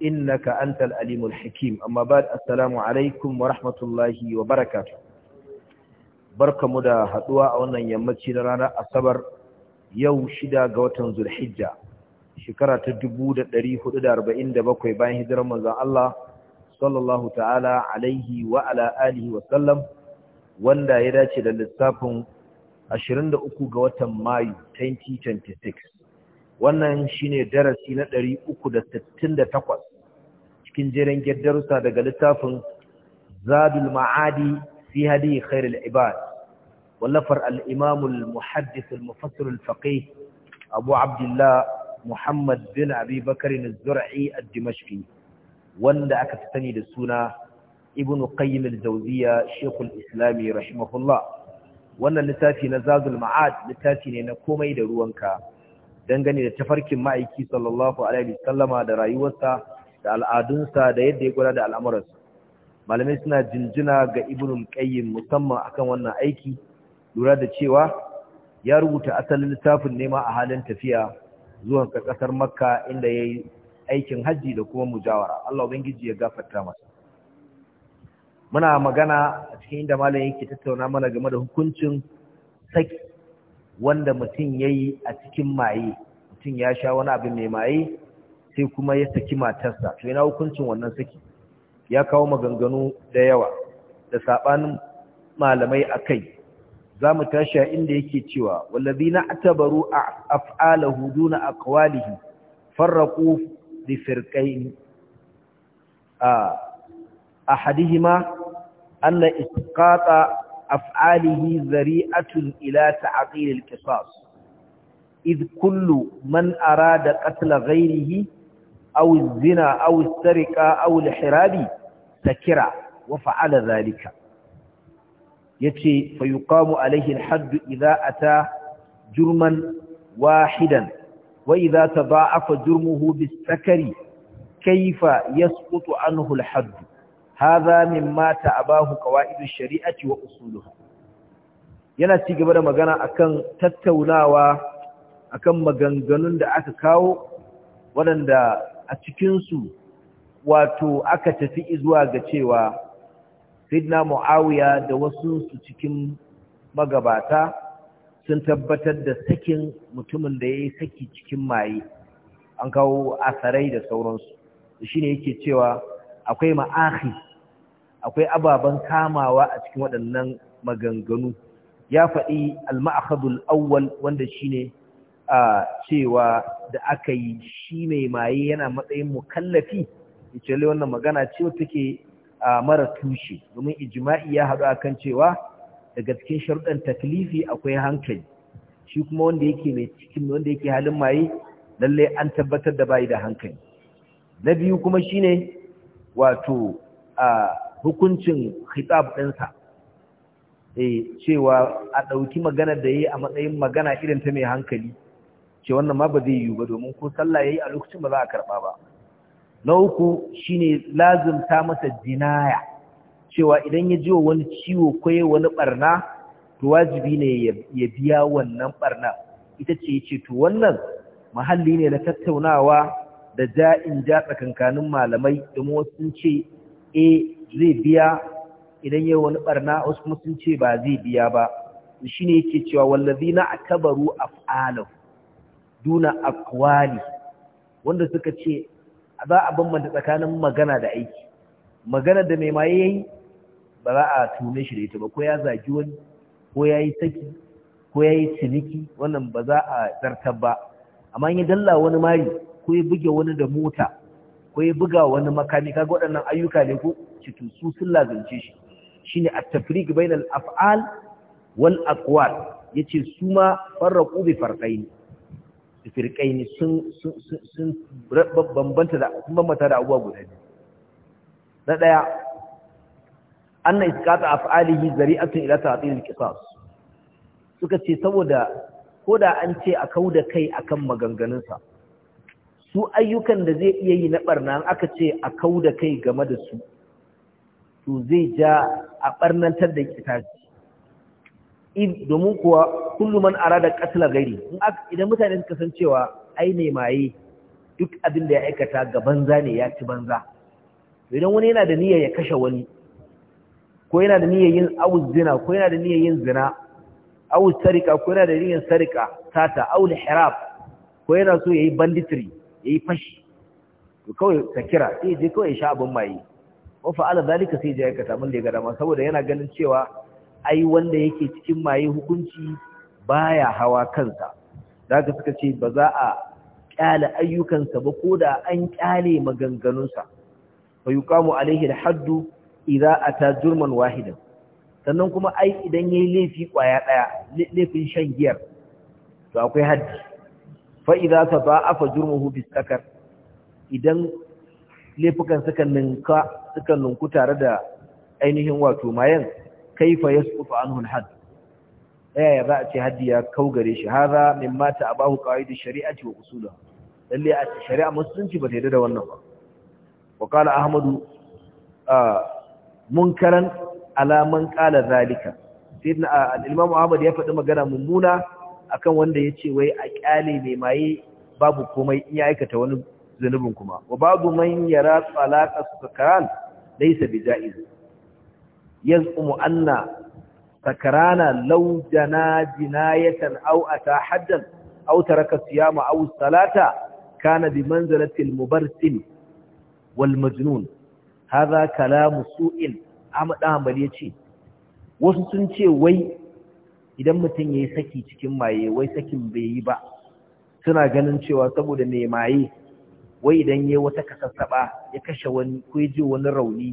innaka antal alimul hakim amma ba assalamu alaikum wa rahmatullahi wa barakatuh barkamu da haduwa a wannan yammaci na ranar asabar yau shida ga watan zulhijja shekara ta 1447 bayan hijirar manzon Allah sallallahu ta'ala alaihi wa ala alihi wa sallam wanda ya dace da lissafin 23 ga watan mayu 2026 wannan shi ne darasi na 368 cikin jerin darussa daga littafin zadul ma'adi fi hadi khairul ibad wallafar al-imam al-muhaddith al-mufassir al-faqih abu abdullah muhammad bin abi bakr az-zur'i ad-dimashqi wanda aka fi sani da suna ibnu qayyim al-jawziyya shaykh al rahimahullah wannan littafi na zadul ma'ad littafi ne na komai da ruwanka dangane da tafarkin ma'aiki sallallahu alaihi wasallama da rayuwarsa da al'adunsa da yadda ya gwada da al'amuransa malamai suna jinjina ga Ibrun qayyim musamman akan wannan aiki lura da cewa ya rubuta asalin littafin nema a halin tafiya zuwan ƙasar kasar makka inda yayi aikin hajji da kuma mujawara Allah ubangiji ya gafarta masa muna magana a cikin inda malam yake tattauna mana game da hukuncin saki wanda mutum yayi a cikin maye mutum ya sha wani abu mai maye sai kuma ya saki matarsa to yana hukuncin wannan saki ya kawo maganganu da yawa da sabanin malamai akai zamu tashi a inda yake cewa wallazina atabaru af'alahu duna aqwalihi farraqu li firqayn a ahadihima anna isqata af'alihi zari'atun ila ta'qil al-qisas إذ كل من أراد قتل غيره aw zina aw sariqa aw al-hirabi sakira wa fa'ala zalika yace fa yuqamu alayhi al-hadd idha ata jurman wahidan wa idha tada'afa jurmuhu bis-sakari kayfa yasqutu anhu al-hadd hadha mimma ta'abahu qawaid ash-shari'ati wa usuluha yana ci gaba da magana akan tattaunawa akan maganganun da aka kawo waɗanda a cikinsu wato aka tafi zuwa ga cewa sidna mu'awiya da wasu su cikin magabata sun tabbatar da sakin mutumin da ya saki cikin maye an kawo asarai da sauransu shi ne yake cewa akwai ma'ahi akwai ababen kamawa a cikin waɗannan maganganu ya faɗi al-ma'akhadul awwal wanda shine cewa da aka yi shi mai maye yana matsayin mukallafi ce lai wannan magana ce take mara tushe domin ijma'i ya haɗu kan cewa daga cikin sharuɗan taklifi akwai hankali shi kuma wanda yake mai cikin wanda yake halin maye lallai an tabbatar da bai da hankali na biyu kuma shine wato a hukuncin Hitsab ɗinsa eh, cewa a ɗauki magana da yi a matsayin magana irin ta mai hankali ce wannan ma ba zai yi ba domin ko sallah yayi a lokacin ba za a karba ba na uku shine lazumta masa jinaya cewa idan ya ji wani ciwo ko wani barna to wajibi ne ya biya wannan barna ita ce yace to wannan mahalli ne na tattaunawa da ja'in ja tsakankanin malamai domin wasu sun ce eh zai biya idan yayi wani barna wasu kuma sun ce ba zai biya ba shine yake cewa wallazina akabaru af'alahu duna akwali wanda suka ce za a bambanta tsakanin magana da aiki magana da mai maye yayi ba za a tume shi da ita ba ko ya zagi wani ko ya yi saki ko ya yi ciniki wannan ba za a zartar ba amma ya dalla wani mari ko ya buge wani da mota ko ya buga wani makami kaga waɗannan ayyuka ne ko cikin su sun lazance shi shine at-tafriq bainal af'al wal aqwal yace su ma farraqu bi farqaini ne sun bambanta da bambanta da abuwa guda biyu na ɗaya anna isqata af'alihi zari'atun ila ta'til al-qisas suka ce saboda koda an ce a da kai akan maganganunsa su ayyukan da zai iya yi na barna aka ce a kau da kai game da su to zai ja a ɓarnantar da kitasi domin kuwa kullu man arada qatla ghairi idan mutane suka san cewa ai ne maye duk abin da ya aikata ga banza ne ya ci banza idan wani yana da niyya ya kashe wani ko yana da niyya yin awuz zina ko yana da niyya yin zina awuz sarika ko yana da niyyar sarika sata awul hirab ko yana so yayi banditry yayi fashi to kawai ka kira sai je kawai sha abin maye wa fa'ala zalika sai je aikata mun da ya ga dama saboda yana ganin cewa ai wanda yake cikin maye hukunci baya hawa kansa zaka suka ce ba za a kyale ayyukansa ba ko da an kyale maganganunsa fa yuqamu alaihi al-haddu idza ata jurman wahidan sannan kuma ai idan yayi laifi kwaya daya laifin shan giyar to akwai haddi fa idza tadaafa jurmuhu bisakar idan laifukan suka ninka suka ninku tare da ainihin wato mayan kaifa yasqutu anhu al-hadd ya za a ce haddi ya gare shi haza mimma ta'abahu qawaidu shari'ati wa usuluha lalle a shari'a musulunci ba ta yarda da wannan ba wa ahmadu munkaran ala man qala zalika sayyidina al-imam ahmad ya faɗi magana mummuna akan wanda ya ce wai a kyale mai maye babu komai in ya aikata wani zunubin kuma wa babu man yara talaqa sukaran laysa bijaiz Yanzu anna sakarana law jana jinayatan aw ata haddan aw taraka siyama aw salata kana bi manzilati al wal majnun hadha kalamu su'in amada hanbali yace wasu sun ce wai idan mutum yayi saki cikin maye wai sakin bai yi ba suna ganin cewa saboda mai maye wai idan yayi wata kasassaba ya kashe wani ko ya ji wani rauni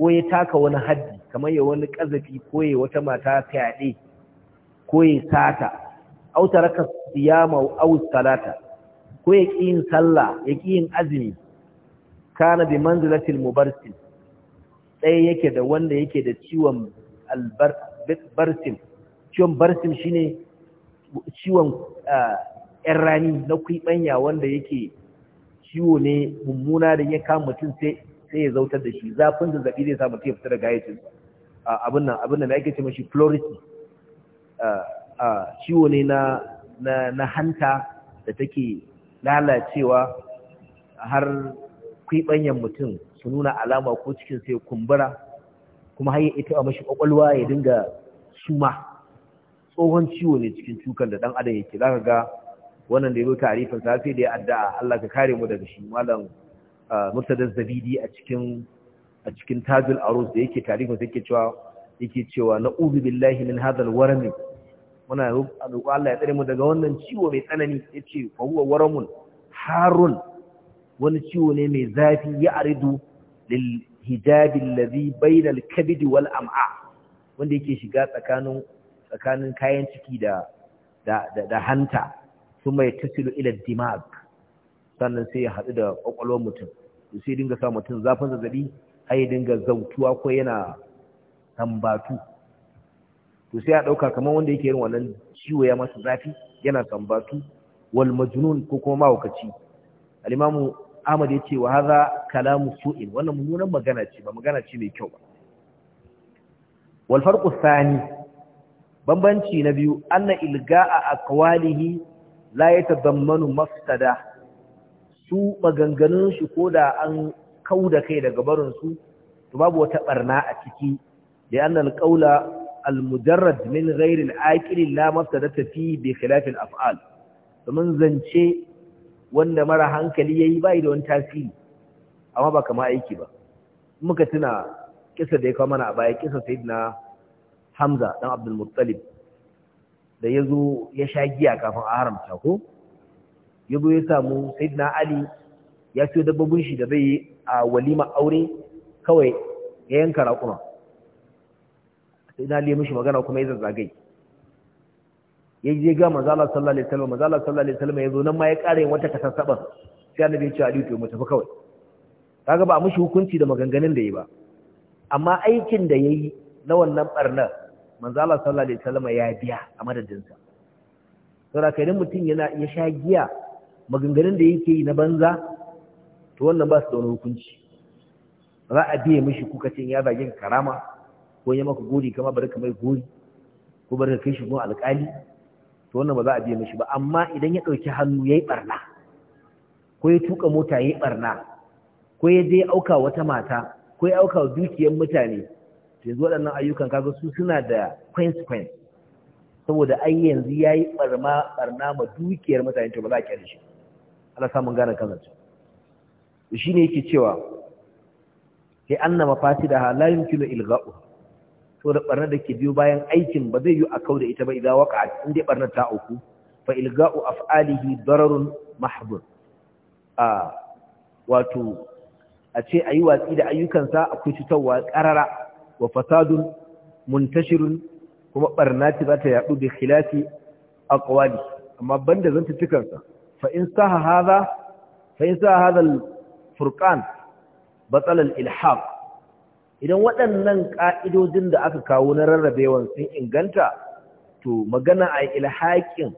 ko ya taka wani haddi kamar ya wani ƙazafi ko ya wata mata fyaɗe ko ya sata au taraka siyama au salata ko ya ƙi yin sallah ya ƙi yin azumi kana bi manzilatil mubarsil ɗaya yake da wanda yake da ciwon albarsil ciwon barsil shine ciwon ƴan rani na kwiɓanya wanda yake ciwo ne mummuna da ya kama mutum sai sai ya zautar da shi zafin zazzabi zai samu tafi fita daga hayyacinsa abin nan abin ake ce mashi pleurisy ciwo ne na hanta da take lalacewa har kwibanyen mutum su nuna alama ko cikin sai kumbura kuma har ita a mashi kwakwalwa ya dinga suma tsohon ciwo ne cikin cukan da dan adam yake ka ga wannan da ya zo tarifin safe da ya addu'a Allah ka kare mu daga shi malam murtada zabidi a cikin a cikin tajul arus da yake tarihin da yake cewa yake cewa billahi min hadal warami muna roƙo Allah ya tsare mu daga wannan ciwo mai tsanani yace fa huwa waramun harun wani ciwo ne mai zafi ya aridu lil hijabi alladhi bainal kabidi wal am'a wanda yake shiga tsakanin kayan ciki da da da hanta su mai tasilu ila dimag sannan sai ya haɗu da ƙwaƙwalwar mutum to sai dinga sa mutum zafin zazzabi har ya dinga zautuwa ko yana tambatu. to sai a ɗauka kamar wanda yake yin wannan ciwo ya masa zafi yana tambatu, wal majnun ko kuma mawukaci. al-imamu Ahmad yace wa haza kalamu su'in wannan mummunan magana ce ba magana ce mai kyau ba wal farqu thani bambanci na biyu anna ilga'a aqwalihi la yatadammanu mafsada su maganganun shi ko da an kau da kai daga barin su to babu wata barna a ciki da annal qaula al mujarrad min ghairi al aqil la mafsadata fi bi khilaf al af'al domin zance wanda mara hankali yayi bai da wani tasiri amma ba kama aiki ba muka tuna kisa da ya kawo mana a baya kisa sayyidina Hamza dan Abdul Muttalib da yazo ya sha giya kafin a haramta ko ya zo ya samu saidina ali ya ciyo dabbobin shi da zai yi a walima aure kawai ya yanka raƙuma sayyidina ali ya mishi magana kuma ya zazzagai ya je ga manzo Allah sallallahu alaihi wasallam manzo Allah sallallahu alaihi wasallam ya zo nan ma ya ƙara yin wata kasassaban sai annabi ya ce ali to mu tafi kawai kaga ba a mishi hukunci da maganganun da yi ba amma aikin da yayi na wannan barnar manzo Allah sallallahu alaihi wasallam ya biya a madadinsa saboda kai mutum yana ya sha giya maganganun da yake yi na banza to wannan ba su da wani hukunci za a biye mishi kuka ce ya zagin karama ko ya maka gori kama bari ka mai gori ko bari ka kai shi gun alƙali to wannan ba za a biye mishi ba amma idan ya ɗauki hannu ya yi ɓarna ko ya tuka mota ya yi ɓarna ko ya je auka wata mata ko ya auka dukiyar mutane yanzu waɗannan ayyukan kaga su suna da consequence saboda ai yanzu ya yi ɓarna ma dukiyar mutane to ba za a kyale shi Allah samun gane kan zance shi ne yake cewa sai anna da halayen Kino ilga'u to da barnar da ke biyo bayan aikin ba zai yi a kauda ita ba idan waka in dai barnar ta auku fa ilga'u af'alihi dararun mahdhur a wato a ce ayi watsi da ayyukansa akwai cutarwa ƙarara wa fasadun muntashirun kuma barnati za ta yadu bi khilafi aqwali amma banda cikansa. fa in saha hadha fa in saha idan waɗannan ƙa'idojin da aka kawo na rarrabewan sun inganta to magana a ilhaqin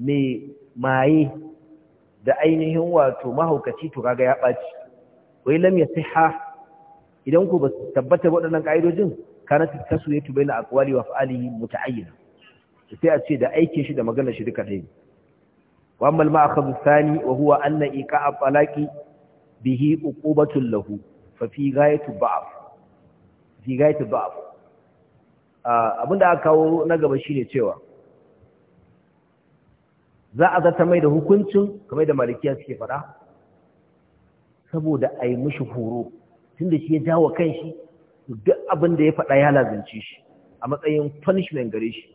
mai maye da ainihin wato mahaukaci to kaga ya baci wai lam yasiha idan ku ba tabbata waɗannan ka'idojin kana tasuyatu baina aqwali wa af'alihi muta'ayyana sai a ce da aikin shi da maganar shi duka ɗaya واما الماخذ الثاني وهو ان ايقاع الطلاق به عقوبه له ففي غايه الضعف في غايه الضعف abin da aka kawo na gaba shine cewa za a zata mai da hukuncin kamar da malikiya suke fada saboda a yi mishi horo tunda shi ya jawo shi, duk abin da ya fada ya lazance shi a matsayin punishment gare shi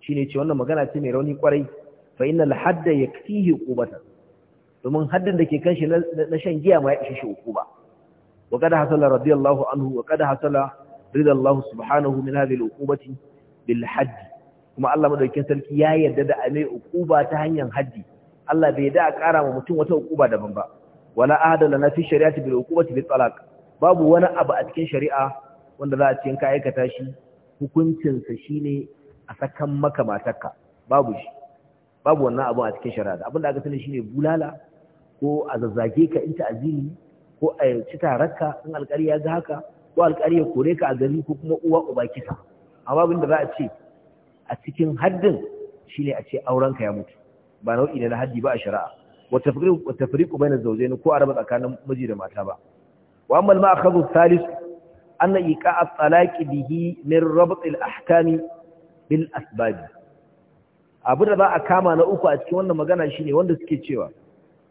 shine ce wannan magana ce mai rauni kwarai fa innal hadda yaktihi uqubatan domin haddin da ke kan shi na shan giya ma ya ishe shi uquba wa qad hasala radiyallahu anhu wa qad hasala ridallahu subhanahu min hadhihi al bil hadd kuma Allah madaukakin sarki ya yarda da amai uquba ta hanyar haddi Allah bai da ƙara ma mutum wata uquba daban ba wala da na fi shari'ati bil uqubati bil talaq babu wani abu a cikin shari'a wanda za a ce in ka aikata shi hukuncinsa shine a sakan maka matarka babu shi babu wannan abun a cikin shari'a abin da aka sani shine bulala ko a zazzage ka in ta'azini ko a ci tarakka in alƙari ya ga haka ko alƙari ya kore ka a gari ko kuma uwa uba kisa amma abin da za a ce a cikin haddin shine a ce auren ka ya mutu ba nau'i ne na haddi ba a shari'a wata tafriqu bayna zawjayn ko a raba tsakanin miji da mata ba wa amma al-ma'khadhu thalith anna iqa'a at-talaqi bihi min rabt al-ahkami bil asbab abu da za a kama na uku a cikin wannan magana shine wanda suke cewa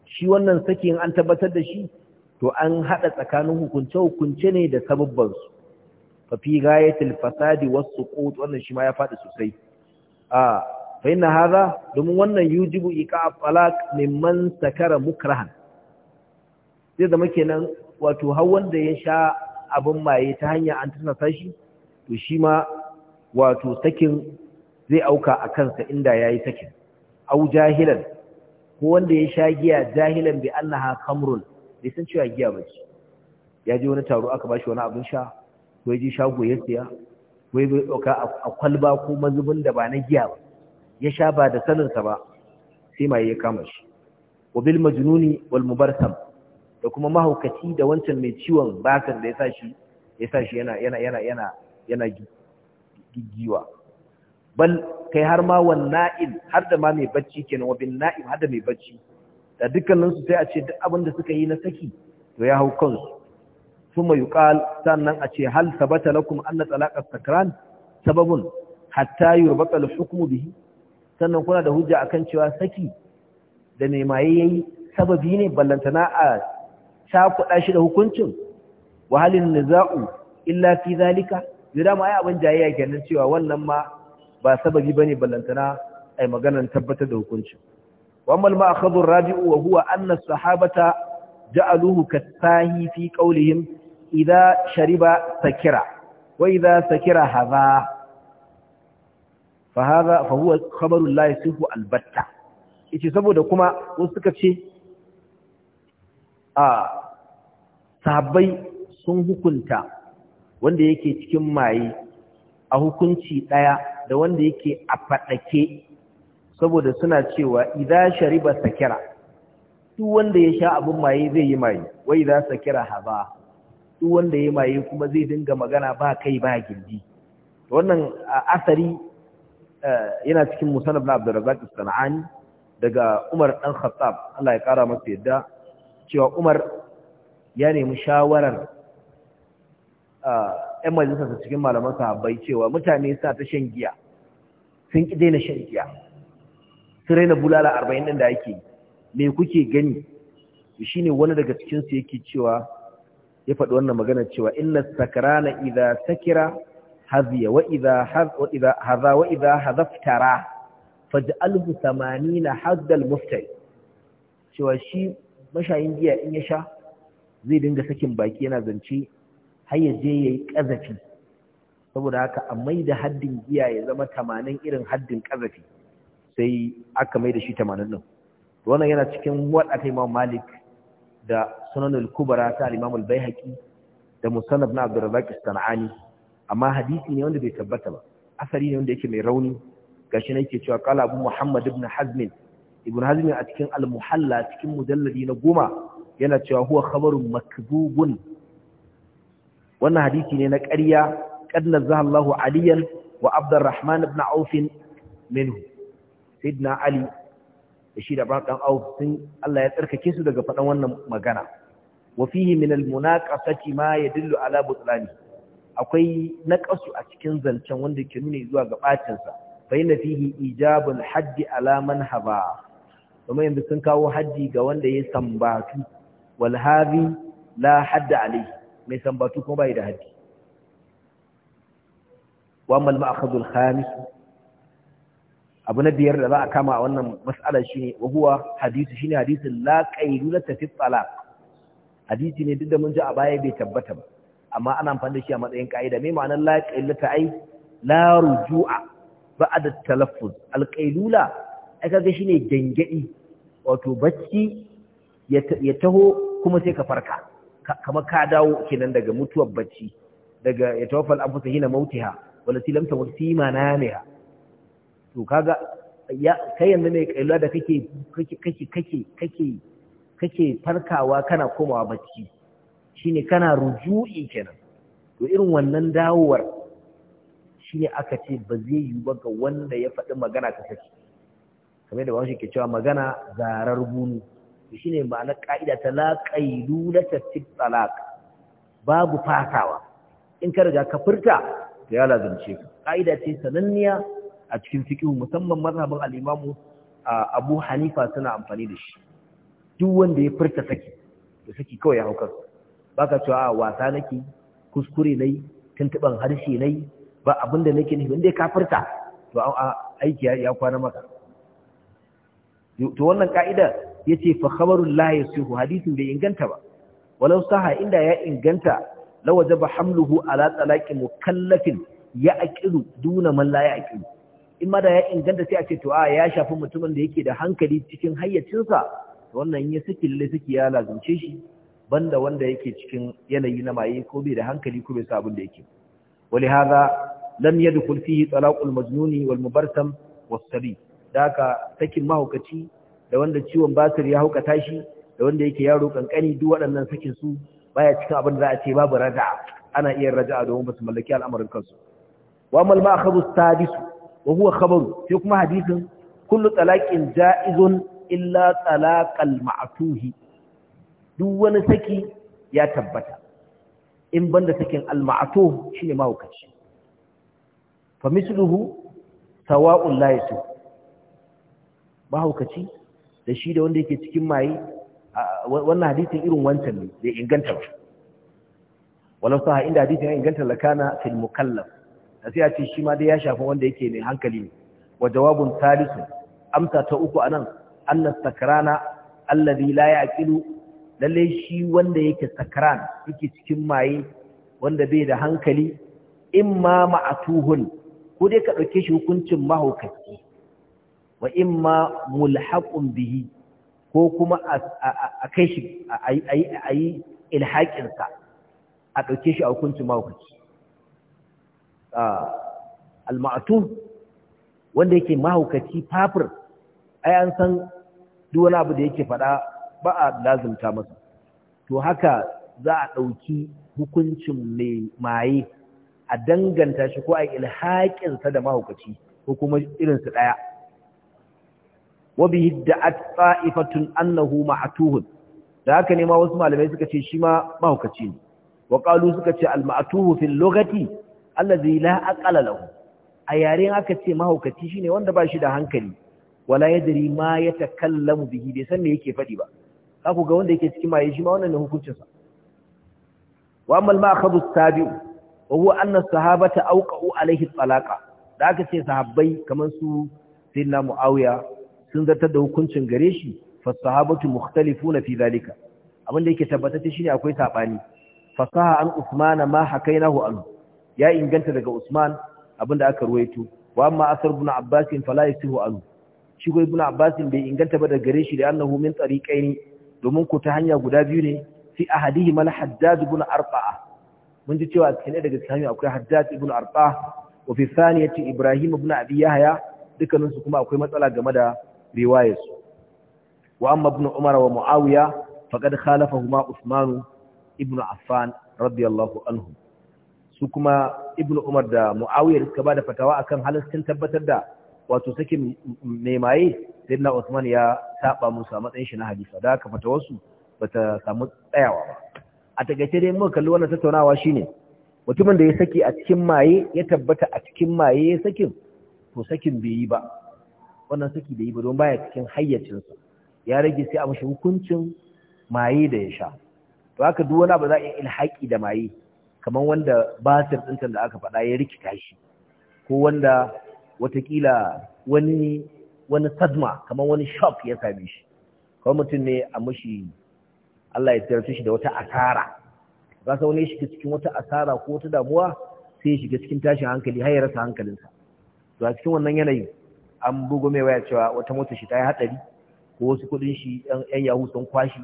shi wannan sakin an tabbatar da shi to an haɗa tsakanin hukunce hukunce ne da sababban su fa fi ghayatil fasadi was suqut wannan shi ma ya faɗi sosai a fa inna hadha domin wannan yujibu iqaf talaq mimman sakara mukrahan zai zama kenan wato har wanda ya sha abin maye ta hanya an tana sashi to shi ma wato sakin zai auka a kansa inda ya yi sakin au jahilan ko wanda ya sha giya jahilan bi annaha kamrun bai san cewa giya ba ce ya ji wani taro aka bashi wani abin sha ko ya ji shago ya siya ko ya bai ɗauka a kwalba ko mazubin da ba na giya ba ya sha ba da saninsa ba sai mai ya kama shi wa bil majnuni wal mubarsam da kuma mahaukaci da wancan mai ciwon bakan da ya sa shi ya sa yana yana yana yana yana bal kai har ma wan na'im har da ma mai bacci kenan wa bin na'im har da mai bacci da dukkanin su sai a ce duk abin da suka yi na saki to ya hau kansu kuma yuqal sannan a ce hal sabata lakum anna talaqa sakran sababun hatta yurbata al-hukmu bihi sannan kuna da hujja akan cewa saki da mai maye yayi sababi ne ballantana a cakuɗa shi da hukuncin wahalin niza'u illa fi zalika yadda ma ai abin jayayya kenan cewa wannan ma ba sababi ba ballantana ai maganar tabbatar da hukunci wa amma al-ma'khadhu ar-rabi'u wa huwa sahabata ja'aluhu kasahi fi qawlihim idha shariba sakira Wai, za sakira haza? fa hadha fa huwa khabaru la saboda kuma wasu suka ce a sahabbai sun hukunta wanda yake cikin maye a hukunci ɗaya da wanda yake a faɗake saboda suna cewa idan shariba sakira duk wanda ya sha abin maye zai yi maye wai za sakira haba duk wanda ya maye kuma zai dinga magana ba kai ba gindi wannan asari eh, yana cikin musanab na abdurrazak sana'ani daga umar ɗan khattab Allah ya ƙara masa yadda cewa umar ya nemi shawarar ah, 'yan majalisarsa cikin malaman sahabbai cewa mutane sa ta shan giya sun ƙi daina shan giya sun raina bulala arba'in ɗin da ake me kuke gani shi ne wani daga cikinsu yake cewa ya faɗi wannan magana cewa inna na idza sakira haziya wa idza wa haza wa idza hazaftara faj'alhu 80 hadal muftari cewa shi mashayin giya in ya sha zai dinga sakin baki yana zance har ya je ya yi ƙazafi saboda haka a mai da haddin giya ya zama tamanin irin haddin ƙazafi sai aka mai da shi tamanin nan. wannan yana cikin waɗata imam malik da sunanul kubara ta alimamul Baihaƙi, da musannaf na abdurrazzaq sana'ani amma hadisi ne wanda bai tabbata ba asali ne wanda yake mai rauni gashi nake cewa qala abu muhammad ibn hazm ibn hazm a cikin al cikin mujalladi na goma yana cewa huwa khabarun makdubun wannan hadisi ne na ƙarya qad nazzahallahu aliyan wa abdurrahman ibn auf minhu sidna ali da shi da bakan auf sun Allah ya tsarkake su daga faɗan wannan magana wa fihi min almunaqasati ma yadullu ala butlani akwai naqasu a cikin zancen wanda ke nuna zuwa ga bacin sa fa inna fihi ijabul hadd ala man haba kuma yanzu sun kawo haddi ga wanda ya sambatu wal habi la alayhi mai sambatu kuma bai da haddi wammal ma'akhadul khamis abu na biyar da za a kama a wannan mas'alar shine wa huwa hadisi shine hadisin la la fi talaq hadisi ne duk da mun ji a baya bai tabbata ba amma ana amfani da shi a matsayin kaida me ma'anar la ta ai la rujua ba'da talaffuz al qailula ai kaga shine gangadi wato bacci ya taho kuma sai ka farka kamar ka dawo kenan daga mutuwar bacci daga ya tawaffal anfusa hina mautiha wala si lam tamut ne ha. to kaga ya kai yanzu ne kaila da kake kake kake kake kake kake farkawa kana komawa bacci shine kana ruju'i kenan to irin wannan dawowar shine aka ce ba zai yi ba ga wanda ya faɗi magana ka saki kamar da wani ke cewa magana zarar bunu shine ma'anar ka'ida ta la qailulata fi talaq babu fasawa in ka riga ka furta to ya lazumce ka ka'ida ce sananniya a cikin fiqh musamman mazhabin al a Abu Hanifa suna amfani da shi duk wanda ya furta saki da saki kawai ya hauka baka cewa wasa nake kuskure nayi tuntuban harshe nayi ba abinda nake nufi wanda ka furta to aiki ya kwana maka to wannan ka'idar ce fa khabarul la yasihu hadisin bai inganta ba walau saha inda ya inganta lawajaba hamluhu ala talaqi mukallafin ya aqilu duna man la ya aqilu in ma da ya inganta sai a ce to a ya shafi mutumin da yake da hankali cikin hayyacinsa wannan ya saki lalle saki ya lazumce shi banda wanda yake cikin yanayi na maye ko bai da hankali ko bai sa abin da yake wali hada lam yadkhul fihi talaqul majnuni wal mubarsam was sabi daka sakin mahaukaci da wanda ciwon basir ya haukata shi da wanda yake yaro kankani duk waɗannan sakin su baya cikin abin da za a ce babu raja'a ana iya a domin ba su mallaki al'amarin kansu wa amal ma khabu sadisu wa huwa khabaru sai kuma hadisin kullu talaqin ja'izun illa talaqal ma'tuhi duk wani saki ya tabbata in banda sakin al-ma'tuh shine mahaukaci fa misluhu sawa'un la yasu mahaukaci da shi da wanda yake cikin maye wannan hadisin irin wancan ne da inganta ba walau sa inda hadisin ya inganta lakana fil mukallaf da sai ce shi ma dai ya shafi wanda yake mai hankali ne wa jawabun talisu amsa ta uku anan anna sakrana alladhi la yaqilu lalle shi wanda yake sakran yake cikin maye wanda bai da hankali imma ma'atuhun ko dai ka dauke shi hukuncin mahaukaci wa imma mulhaqun bihi ko kuma a kai shi a yi ilhaƙinsa a ɗauke shi a hukuncin mahaukaci al maatu wanda yake mahaukaci fafir ai an san duk wani abu da yake faɗa ba a lazumta masa to haka za a ɗauki hukuncin mai maye a danganta shi ko a ilhaƙinsa da mahaukaci ko kuma irinsu ɗaya wa da da'at ta'ifatun annahu ma'tuhun da haka ne ma wasu malamai suka ce shi ma mahaukaci ne wa suka ce al-ma'tuhu fil Allah allazi la aqala lahu a yaren aka ce mahaukaci shine wanda ba shi da hankali wala yadri ma yatakallamu bihi bai san me yake faɗi ba Za ku ga wanda yake cikin maye shi ma wannan ne hukuncin sa wa amma al-ma'khadhu sabiu wa huwa anna as-sahabata awqa'u alaihi talaqa da aka ce sahabbai kamar su sina muawiya sun zartar da hukuncin gare shi fasahabatu mukhtalifuna fi zalika abinda yake shi ne akwai sabani fasaha an usman ma hakainahu an ya inganta daga usman abinda aka ruwaito wa amma asar ibn abbas fala yasihu an shi ko ibn abbas bai inganta ba daga gare shi da annahu min tariqaini domin ku ta hanya guda biyu ne fi ahadihi mal haddad ibn arba'a mun ji cewa cikin daga akwai haddad ibn arba'a wa fi thaniyati ibrahim ibn abi yahya dukkaninsu kuma akwai matsala game da riwayarsu wa amma ibn umar wa muawiya faqad khalafahuma usman ibn affan radiyallahu anhu su kuma ibn umar da muawiya suka bada fatawa akan halastin tabbatar da wato sakin mai maye na usman ya saba musu a matsayin shi na hadisa da haka fatawarsu bata samu tsayawa ba a takaice dai muka kalli wannan tattaunawa shine mutumin da ya saki a cikin maye ya tabbata a cikin maye ya sakin to sakin bai yi ba wannan saki da yi ba don baya cikin hayyacinsa ya rage sai a mashi hukuncin maye da ya sha to haka duk wani abu za a yi ilhaki da maye kamar wanda basir ɗinta da aka faɗa ya rikita shi ko wanda watakila wani wani sadma kamar wani shop ya same shi kamar mutum ne a mashi Allah ya tsirce shi da wata asara ba sa wani shiga cikin wata asara ko wata damuwa sai ya shiga cikin tashin hankali har ya rasa hankalinsa to a cikin wannan yanayin an bugo mai waya cewa wata mota shi ta yi hatsari ko wasu kudin shi yan yahu sun kwashi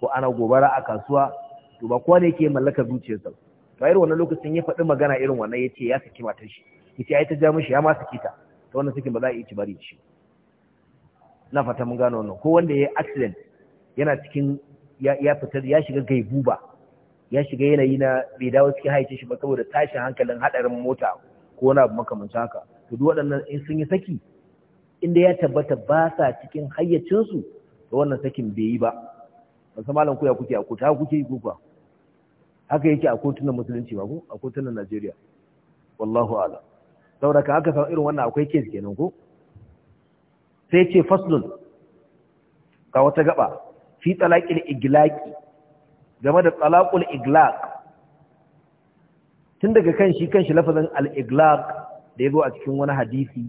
ko ana gobara a kasuwa to ba kowa ne yake mallaka zuciyarsa to irin wannan lokacin ya faɗi magana irin wannan ya ce ya saki matar shi ya ce ai ta ja mishi ya ma saki ta ta wannan sakin ba za a yi ci bari shi na fata mun gano wannan ko wanda ya yi accident yana cikin ya fitar ya shiga ba ya shiga yanayi na bai dawo cikin haicin shi ba saboda tashin hankalin hadarin mota ko wani abu makamancin haka to duk waɗannan in sun yi saki inda ya tabbata ba sa cikin hayyacinsu da wannan sakin bai yi ba wasu malam kuya kuke a kotu haka kuke yi kuka haka yake a kotunan musulunci ba ko a kotunan najeriya wallahu ala saboda ka haka san irin wannan akwai kes kenan ko sai ce faslun ga wata gaba fi talaqil iglaqi game da talaqul iglaq tun daga kan shi kan shi lafazin al iglaq da yazo a cikin wani hadisi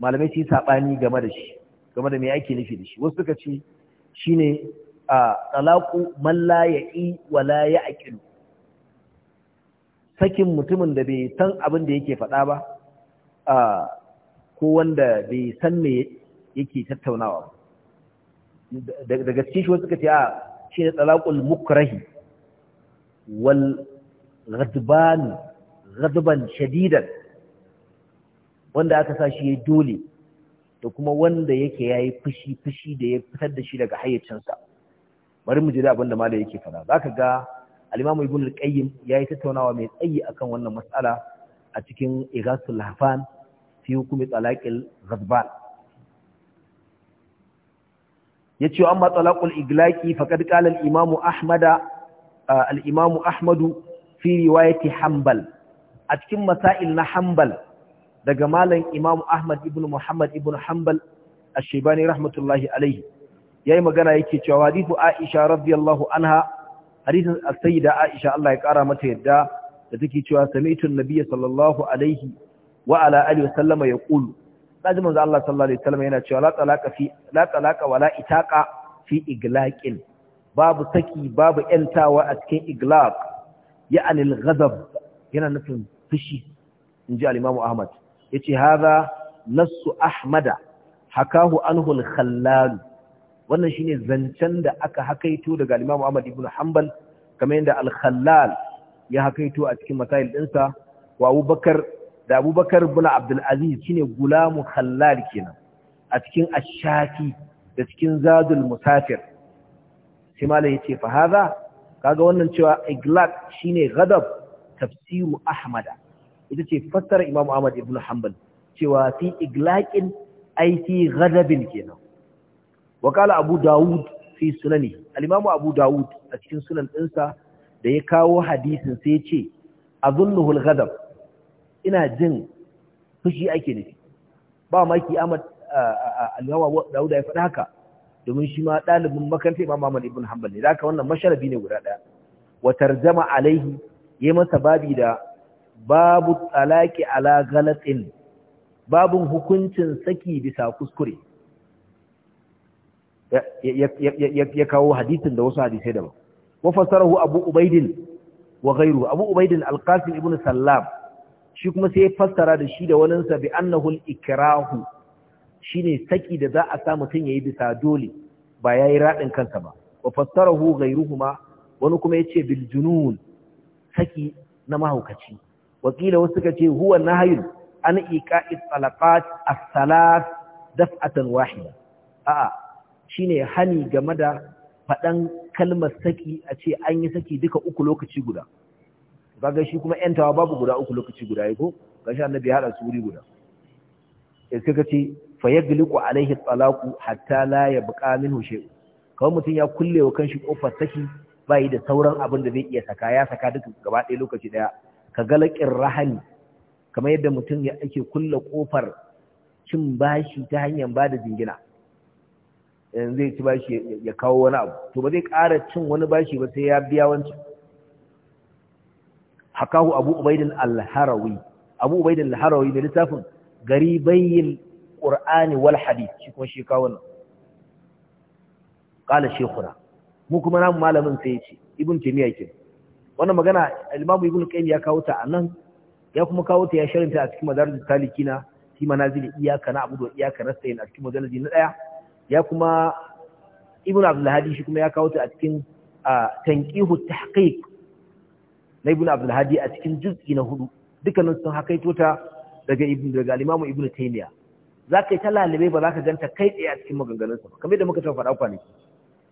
malamai su yi saɓani game da shi game da me ake nufi da shi wasu suka ce shine a talaku malla ya yi wala ya sakin mutumin da bai san abin da yake faɗa ba a ko wanda bai san me yake tattaunawa daga cikin shi wasu suka ce a shine talaqul mukrahi wal ghadban ghadban shadidan wanda aka sa shi ya dole da kuma wanda yake ya yi fushi-fushi da ya fitar da shi daga hayyacinsa bari mu ji da abin da malai yake fara za ka ga alimamu ibn al-qayyim ya yi tattaunawa mai tsayi akan wannan matsala a cikin igasul lahfan fi hukumi talaqil ghadban yace amma talaqul iglaqi faqad qala al-imamu al-imamu ahmadu fi riwayati hanbal a cikin masail na hanbal daga malam Imam Ahmad ibn Muhammad ibn Hanbal Ash-Shaybani rahmatullahi alayhi yayi magana yake cewa hadithu Aisha radiyallahu anha hadithin Sayyida Aisha Allah ya kara mata yadda da take cewa sami'tu an-nabiy sallallahu alayhi wa ala alihi kaji manzo Allah sallallahu alaihi wasallam yana cewa la talaqa fi la talaqa wala itaqa fi iglaqin babu saki babu yantawa a cikin iglaq ya'ani al-ghadab yana nufin fushi inji al-Imam Ahmad yace hadha nassu ahmada hakahu anhu al-khallal wannan shine zancen da aka hakaito daga Imam Ahmad ibn Hanbal kamar yadda al-khallal ya hakaito a cikin masail dinsa wa Abubakar da Abubakar ibn Abdul Aziz shine gulamu khallal kenan a cikin ash-shafi da cikin zadul musafir sai malai yace fa hadha kaga wannan cewa iglaq shine ghadab tafsiru ahmada ita ce fassara Imam Ahmad ibn Hanbal cewa fi iglaqin aiki fi ghadabin kenan Wakala qala Abu Dawud fi sunani al Abu Dawud a cikin sunan ɗinsa da ya kawo hadisin sai yace ce azunnuhu al-ghadab ina jin fushi ake nufi ba maki Ahmad al-Imam Dawud ya faɗa haka domin shi ma ɗalibin makarantar Imam Ahmad ibn Hanbal ne da haka wannan masharabi ne guda ɗaya wa tarjama alaihi yayi masa babi da babu talaki ala galatin babun hukuncin saki bisa kuskure ya kawo hadisin da wasu hadisai daban wa fasarahu abu ubaidin wa abu ubaidin alqasim ibn sallam shi kuma sai fasara fassara da shi da waninsa bi annahu al-ikrahu shine saki da za a sa ya yi bisa dole ba yayi raɗin kansa ba wa fassarahu ma wani kuma ya ce junun saki na mahaukaci wakila wasu suka ce huwa nahyun an ika talaqat as-salat daf'atan wahida a'a shine hani game da faɗan kalmar saki a ce an yi saki duka uku lokaci guda kaga shi kuma yantawa babu guda uku lokaci guda yako gashi annabi ya hada su wuri guda sai suka ce fayagliqu alaihi talaqu hatta la buƙa min shay'un kawai mutum ya kulle wa kanshi ƙofar saki bayi da sauran abin da zai iya saka ya saka duka gaba ɗaya lokaci ɗaya. ka galakin rahali kamar yadda mutum ya ake kulla kofar cin bashi ta hanyar ba da jingina yanzu zai ci bashi ya kawo wani abu to ba zai ƙara cin wani bashi ba sai ya biya wancan hakahu abu ubaidin al-harawi abu ubaidin al-harawi da littafin garibayin qur'ani wal hadith shi kuma shi kawo nan qala shaykhuna mu kuma namu malamin sai ya ce ibn timiya kenan wannan magana al-Imam Ibn Qayyim ya kawo ta anan ya kuma kawo ta ya sharinta a cikin Madarij Salikina fi manazil iyyaka na abudu iyyaka nasta'in a cikin majalisi na daya ya kuma Ibn Abdul Hadi shi kuma ya kawo ta a cikin tanqihu tahqiq na Ibn Abdul Hadi a cikin juz'i na hudu dukkanin sun hakaito ta daga Ibn daga Imam Ibn Taymiyyah za ka yi ta lalibai ba za ka ganta kai tsaye a cikin maganganunsa ba kamar yadda muka taɓa faɗa kwanaki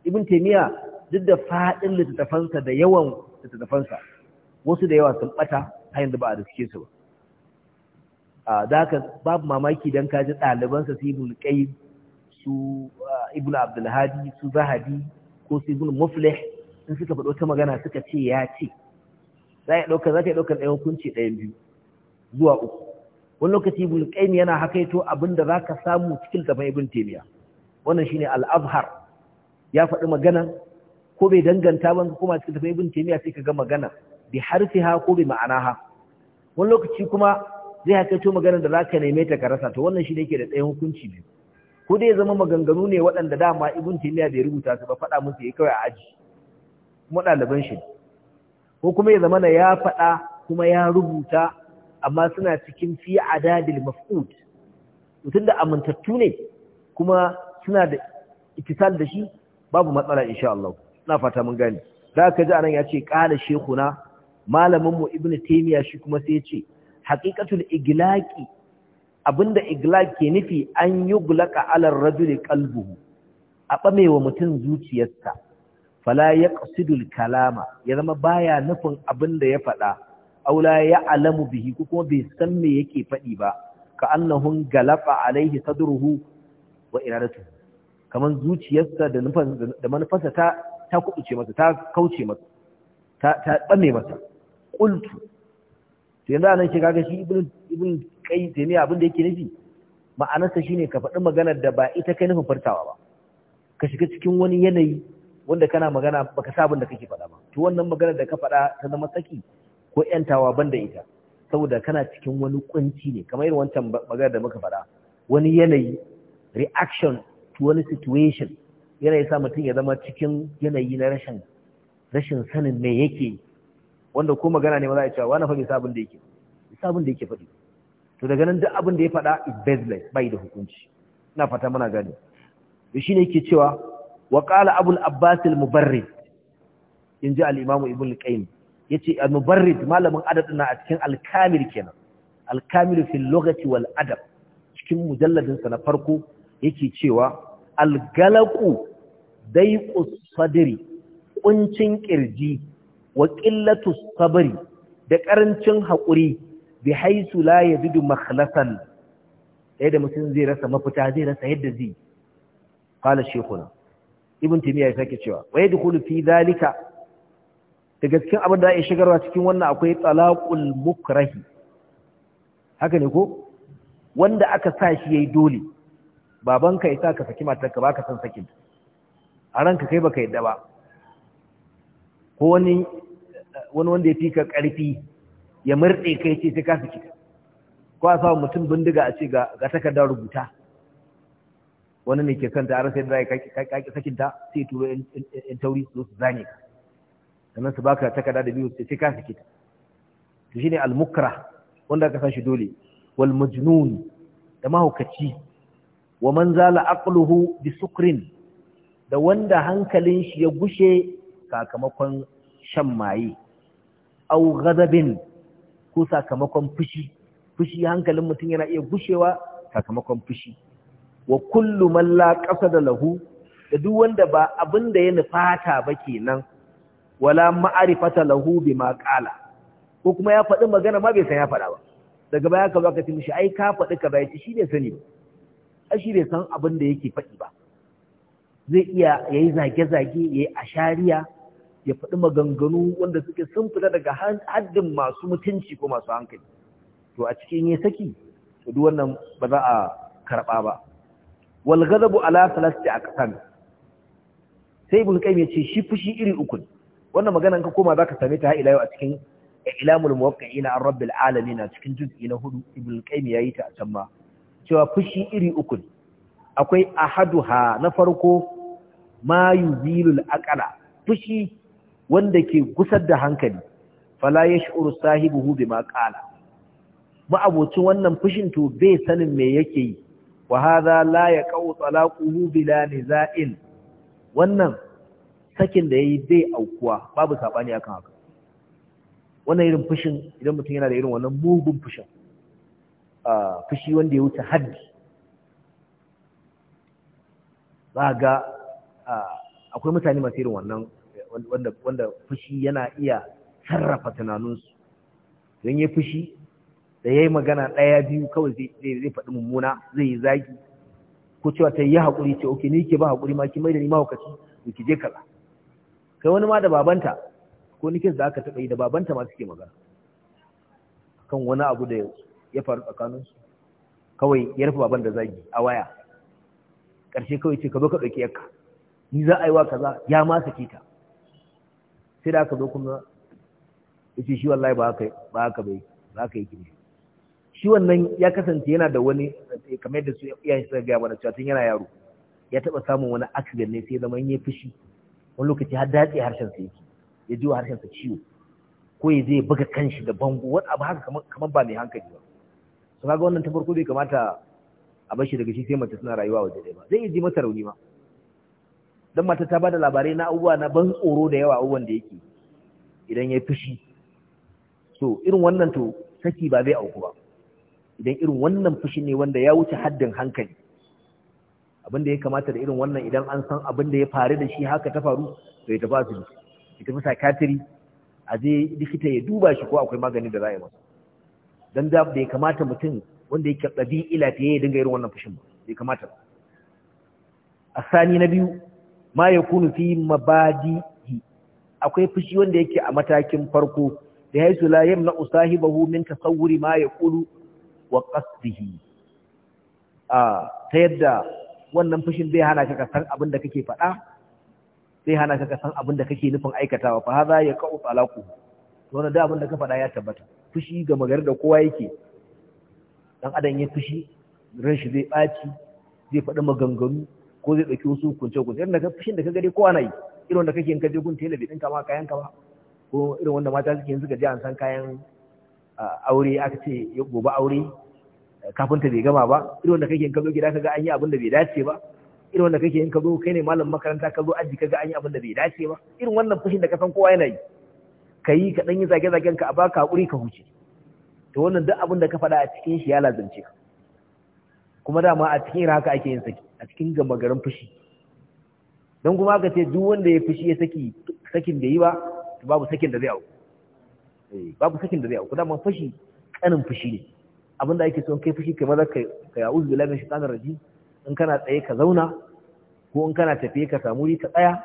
ibn taimiyya duk da faɗin littattafansa da yawan littattafansa wasu da yawa sun bata a yanzu ba a riske su ba da haka babu mamaki don kaji ɗalibansa su ibn kai su ibn abdulhadi su zahadi ko su ibn muflih in suka faɗo ta magana suka ce ya ce za ka ɗaukar za ka ɗaukar ɗayan hukunci ɗayan biyu zuwa uku wani lokaci ibn qayyim yana hakaito abin da ka samu cikin tafin ibn taymiya wannan shine al-azhar ya faɗi maganan ko bai danganta ban kuma suka tafi ibn taymiya sai ka ga magana bi harfiha ko bi ma'anaha wani lokaci kuma zai to magana da zaka neme ta ka rasa to wannan shi ne yake da tsayin hukunci biyu ko dai zama maganganu ne waɗanda dama ibn taymiya bai rubuta su ba faɗa musu yayi kawai a aji kuma ɗaliban shi ko kuma ya zama na ya faɗa kuma ya rubuta amma suna cikin fi adadil maf'ud mutum da amintattu ne kuma suna da ittisal da shi babu matsala insha Allah na fata mun gani da ka ji anan ya ce ƙala shekuna malaminmu ibn taimiyya shi kuma sai ya ce haƙiƙatul iglaki abinda iglaki ke nufi an yi gulaka alar rajuli kalbuhu a ɓamewa mutum zuciyarsa fala ya ƙasidul kalama ya zama baya nufin abinda ya faɗa aula ya alamu bihi ko kuma bai san me yake faɗi ba ka annahun galafa alaihi sadruhu wa iradatu kaman zuciyarsa da manufarsa ta ta kubuce masa ta kauce masa ta ta masa qultu to yanzu anan shi gaga shi ibin, kai taymiya abin da yake nufi ma'anarsa shine ka faɗi maganar da ba ita kai nufin fartawa ba ka shiga cikin wani yanayi wanda kana magana baka sa abin da kake faɗa ba to wannan maganar da ka faɗa ta zama saki ko yantawa banda ita saboda kana cikin wani kunci ne kamar irin wancan maganar da muka faɗa wani yanayi reaction to wani situation yana sa mutum ya zama cikin yanayi na rashin rashin sanin me yake wanda ko magana ne ma za a cewa wani fa sabon da yake sabon da yake faɗi to daga nan duk abin da ya faɗa is baseless bai da hukunci ina fata muna gani to shine yake cewa wa qala abul abbas al mubarrid ji al imamu ibn qayyim yace al mubarrid malamin adab na a cikin al kamil kenan al kamil fil lughati wal adab cikin mujalladin sa na farko yake cewa algalaku dai sadri kuncin kirji wa qillatu sabri da karancin hakuri bi haisu la yajidu makhlasan sai da mutum zai rasa mafita zai rasa yadda zai kala shekuna. ibn timiya ya sake cewa wa yadkhulu fi zalika da gaskin abin da ya shigarwa cikin wannan akwai talaqul mukrahi haka ne ko wanda aka sa shi yayi dole babanka ya sa ka saki matarka ba ka san sakin a ranka kai baka yadda ba ko wani wani wanda ya fi ka ƙarfi ya murɗe kai ce sai ka saki ko a sa mutum bindiga a ce ga takardar rubuta wani ne ke son ta sai yadda ya ka sakin ta sai turo in tauri su su zane ka sannan su baka takarda da biyu sai ka saki ta to shine al-mukra wanda ka san shi dole wal majnun da mahaukaci wa man zala aqluhu bi sukrin da wanda hankalin shi ya gushe sakamakon shan maye aw ghadabin ko sakamakon fushi fushi hankalin mutum yana iya gushewa sakamakon fushi wa kullu man la qasada lahu da duk wanda ba abinda da ya nufata ba kenan wala ma'arifata lahu bima qala ko kuma ya faɗi magana ma bai san ya faɗa ba daga baya ka zo ka ce mishi ai ka faɗi ka bai ci shi sani ba ashi bai san abin da yake faɗi ba zai iya ya yi zage-zage ya yi ashariya ya faɗi maganganu wanda suke sun fita daga haddin masu mutunci ko masu hankali to a cikin ya saki to duk wannan ba za a karɓa ba wal gadabu ala salasti aqsam sai ibn qayyim ce shi fushi iri uku wannan magana ka koma zaka same ta ila yau a cikin ilamul muwaqqi'ina ar-rabbil na cikin juz'i na hudu ibn ya yi ta a can ma cewa fushi iri uku ne akwai ahaduha na farko ma yuzilul aqala fushi wanda ke gusar da hankali fala yash'uru sahibihi bima qala abocin wannan fushin to bai sanin me yake yi wa hadha la yaqau talaquhu bila niza'in wannan sakin da yayi bai aukuwa babu sabani akan haka wannan irin fushin idan mutum yana da irin wannan mugun fushin fushi wanda ya wuce haddi ba ga akwai mutane masu irin wannan wanda fushi yana iya sarrafa tunaninsu don ya fushi da ya yi magana ɗaya biyu kawai zai faɗi mummuna zai yi zagi ko cewa ta yi haƙuri ce oke ni ke ba haƙuri ma ki mai da ni hukaci da ki je kaza kai wani ma da babanta ko nikin da aka taɓa yi da babanta ma suke magana kan wani abu da ya faru tsakaninsu kawai ya rufe baban da zagi a waya ƙarshe kawai ce ka zo ka ɗauki yakka ni za a yi wa kaza ya ma sake ta sai da aka zo kuma ya ce shi wallahi ba haka bai ba haka yake ne shi wannan ya kasance yana da wani kamar da su iyayen suka gaya mana cewa tun yana yaro ya taɓa samun wani accident ne sai zama in ya fushi wani lokaci har datse harshen sa yake ya ji wa harshen sa ciwo ko ya zai buga kanshi da bango wani abu haka kamar ba mai hankali ba su kaga wannan ta farko bai kamata a bashi daga shi sai mace suna rayuwa waje ɗaya ba zai iya ji mata rauni ma dan mata ta bada labarai na abubuwa na ban tsoro da yawa abubuwan da yake idan ya fushi so irin wannan to saki ba zai auku ba idan irin wannan fushi ne wanda ya wuce haddin hankali abin da ya kamata da irin wannan idan an san abin da ya faru da shi haka ta faru to ya tafi asibiti ya tafi sakatiri a je likita ya duba shi ko akwai magani da za a yi masa dan da bai kamata mutum wanda yake ila ta yayin dinga irin wannan fushin ba bai kamata ba asani na biyu ma yakunu fi mabadihi akwai fushi wanda yake a matakin farko da haisu la yamna usahibahu min tasawuri ma yaqulu wa qasdihi a ta yadda wannan fushin zai hana ka san abin da kake faɗa zai hana ka san abin da kake nufin aikatawa fa ya yaqau talaquhu wanda da abin da ka faɗa ya tabbata fushi ga magar da kowa yake dan adam ya fushi ran shi zai ɓaci zai faɗi maganganu ko zai ɗauki wasu kunce kunce irin da ka fushin da ka gani kowa nayi irin da kake kaje ka gun tela bai ka ma kayan ka ba ko irin wanda mata suke yanzu ka je an san kayan aure aka ce gobe aure kafinta bai gama ba irin wanda kake in ka zo gida ka ga an yi abin da bai dace ba irin wanda kake yin ka zo kai ne malam makaranta ka zo aji ka ga an yi abin da bai dace ba irin wannan fushin da ka san kowa yana yi ka yi ka ɗan yi zage-zagen ka a baka haƙuri ka huce to wannan duk abin da ka faɗa a cikin shi ya lazance ka kuma dama a cikin yin haka ake yin saki a cikin gama garin fushi don kuma ka ce duk wanda ya fushi ya saki sakin da yi ba babu sakin da zai auku eh, babu sakin da zai auku dama fushi kanin fushi ne abin da ake son kai fushi kai maza ka ya'uzu billahi min shaitanir raji in kana tsaye ka zauna ko in kana tafiye ka samu ri ka tsaya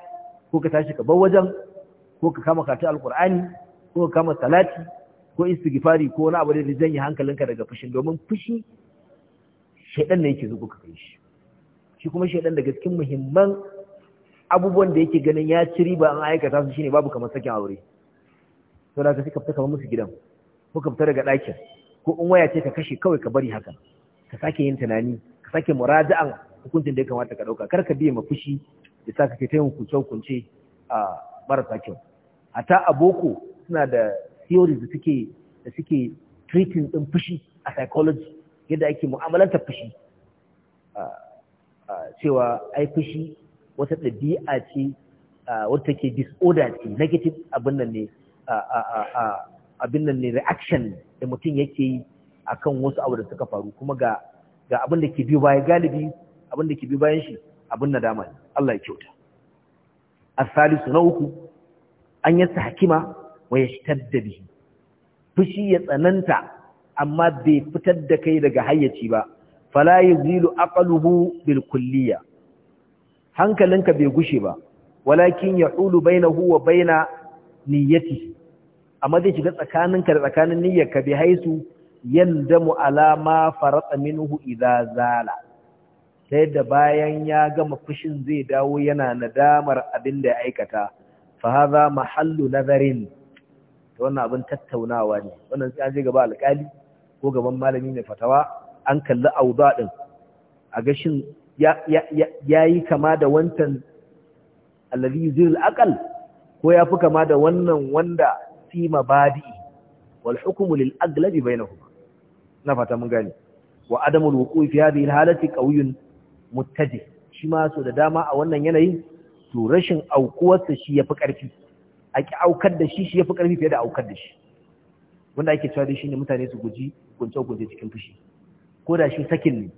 ko ka tashi ka bar wajen ko ka kama karatun alkur'ani ko ka kama salati ko istighfari ko wani abu da zai janye hankalinka daga fushin domin fushi shaidan ne yake zuku ka kai shi shi kuma shaidan daga cikin muhimman abubuwan da yake ganin ya ci riba an aikata su shine babu kamar sakin aure to da ka fita kamar musu gidan ko ka fita daga dakin, ko in waya ce ka kashe kawai ka bari haka ka sake yin tunani ka sake muraja'an hukuncin da ya kamata ka ɗauka kar ka biye ma fushi da sa ka ta yin kunce-kunce a ah, marasa kyau a ta aboko suna da theories da suke da suke treating din fushi a psychology yadda ake mu'amalanta fushi cewa ai fushi wata ɗabi'a ce wata ke disorder ce negative abin nan ne abin nan ne reaction da mutum yake yi akan wasu abu da suka faru kuma ga ga abin da ke biyo baya galibi abin da ke biyo bayan shi abin nadama ne Allah ya kyauta as-salisu na uku an yi hakima wa ya da bihi fushi ya tsananta amma bai fitar da kai daga hayyaci ba fala yuzilu aqalubu bil kulliya hankalinka bai gushe ba walakin ya hulu bainahu wa baina niyyati amma zai shiga tsakaninka da tsakanin niyyarka bai haisu yandamu ala ma farata minhu idza zala sai da bayan ya gama fushin zai dawo yana nadamar abin da ya aikata fahaza mahallu nazarin da wannan abin tattaunawa ne wannan sai an je gaba alƙali ko gaban malami mai fatawa an kalli auza ɗin a gashin ya yi kama da wancan allazi yuzil aqal ko ya fi kama da wannan wanda fi mabadi wal hukmu lil aglabi bainahuma na fata mun gane wa adamul wuqu'i fi hadhihi al halati qawiyyun muttaji shi ma so da dama a wannan yanayin to rashin aukuwarsa shi ya fi ƙarfi a ƙi aukar da shi shi ya fi ƙarfi fiye da aukar da shi wanda ake cewa da shi ne mutane su guji kunce guje cikin fushi ko da shi sakin ne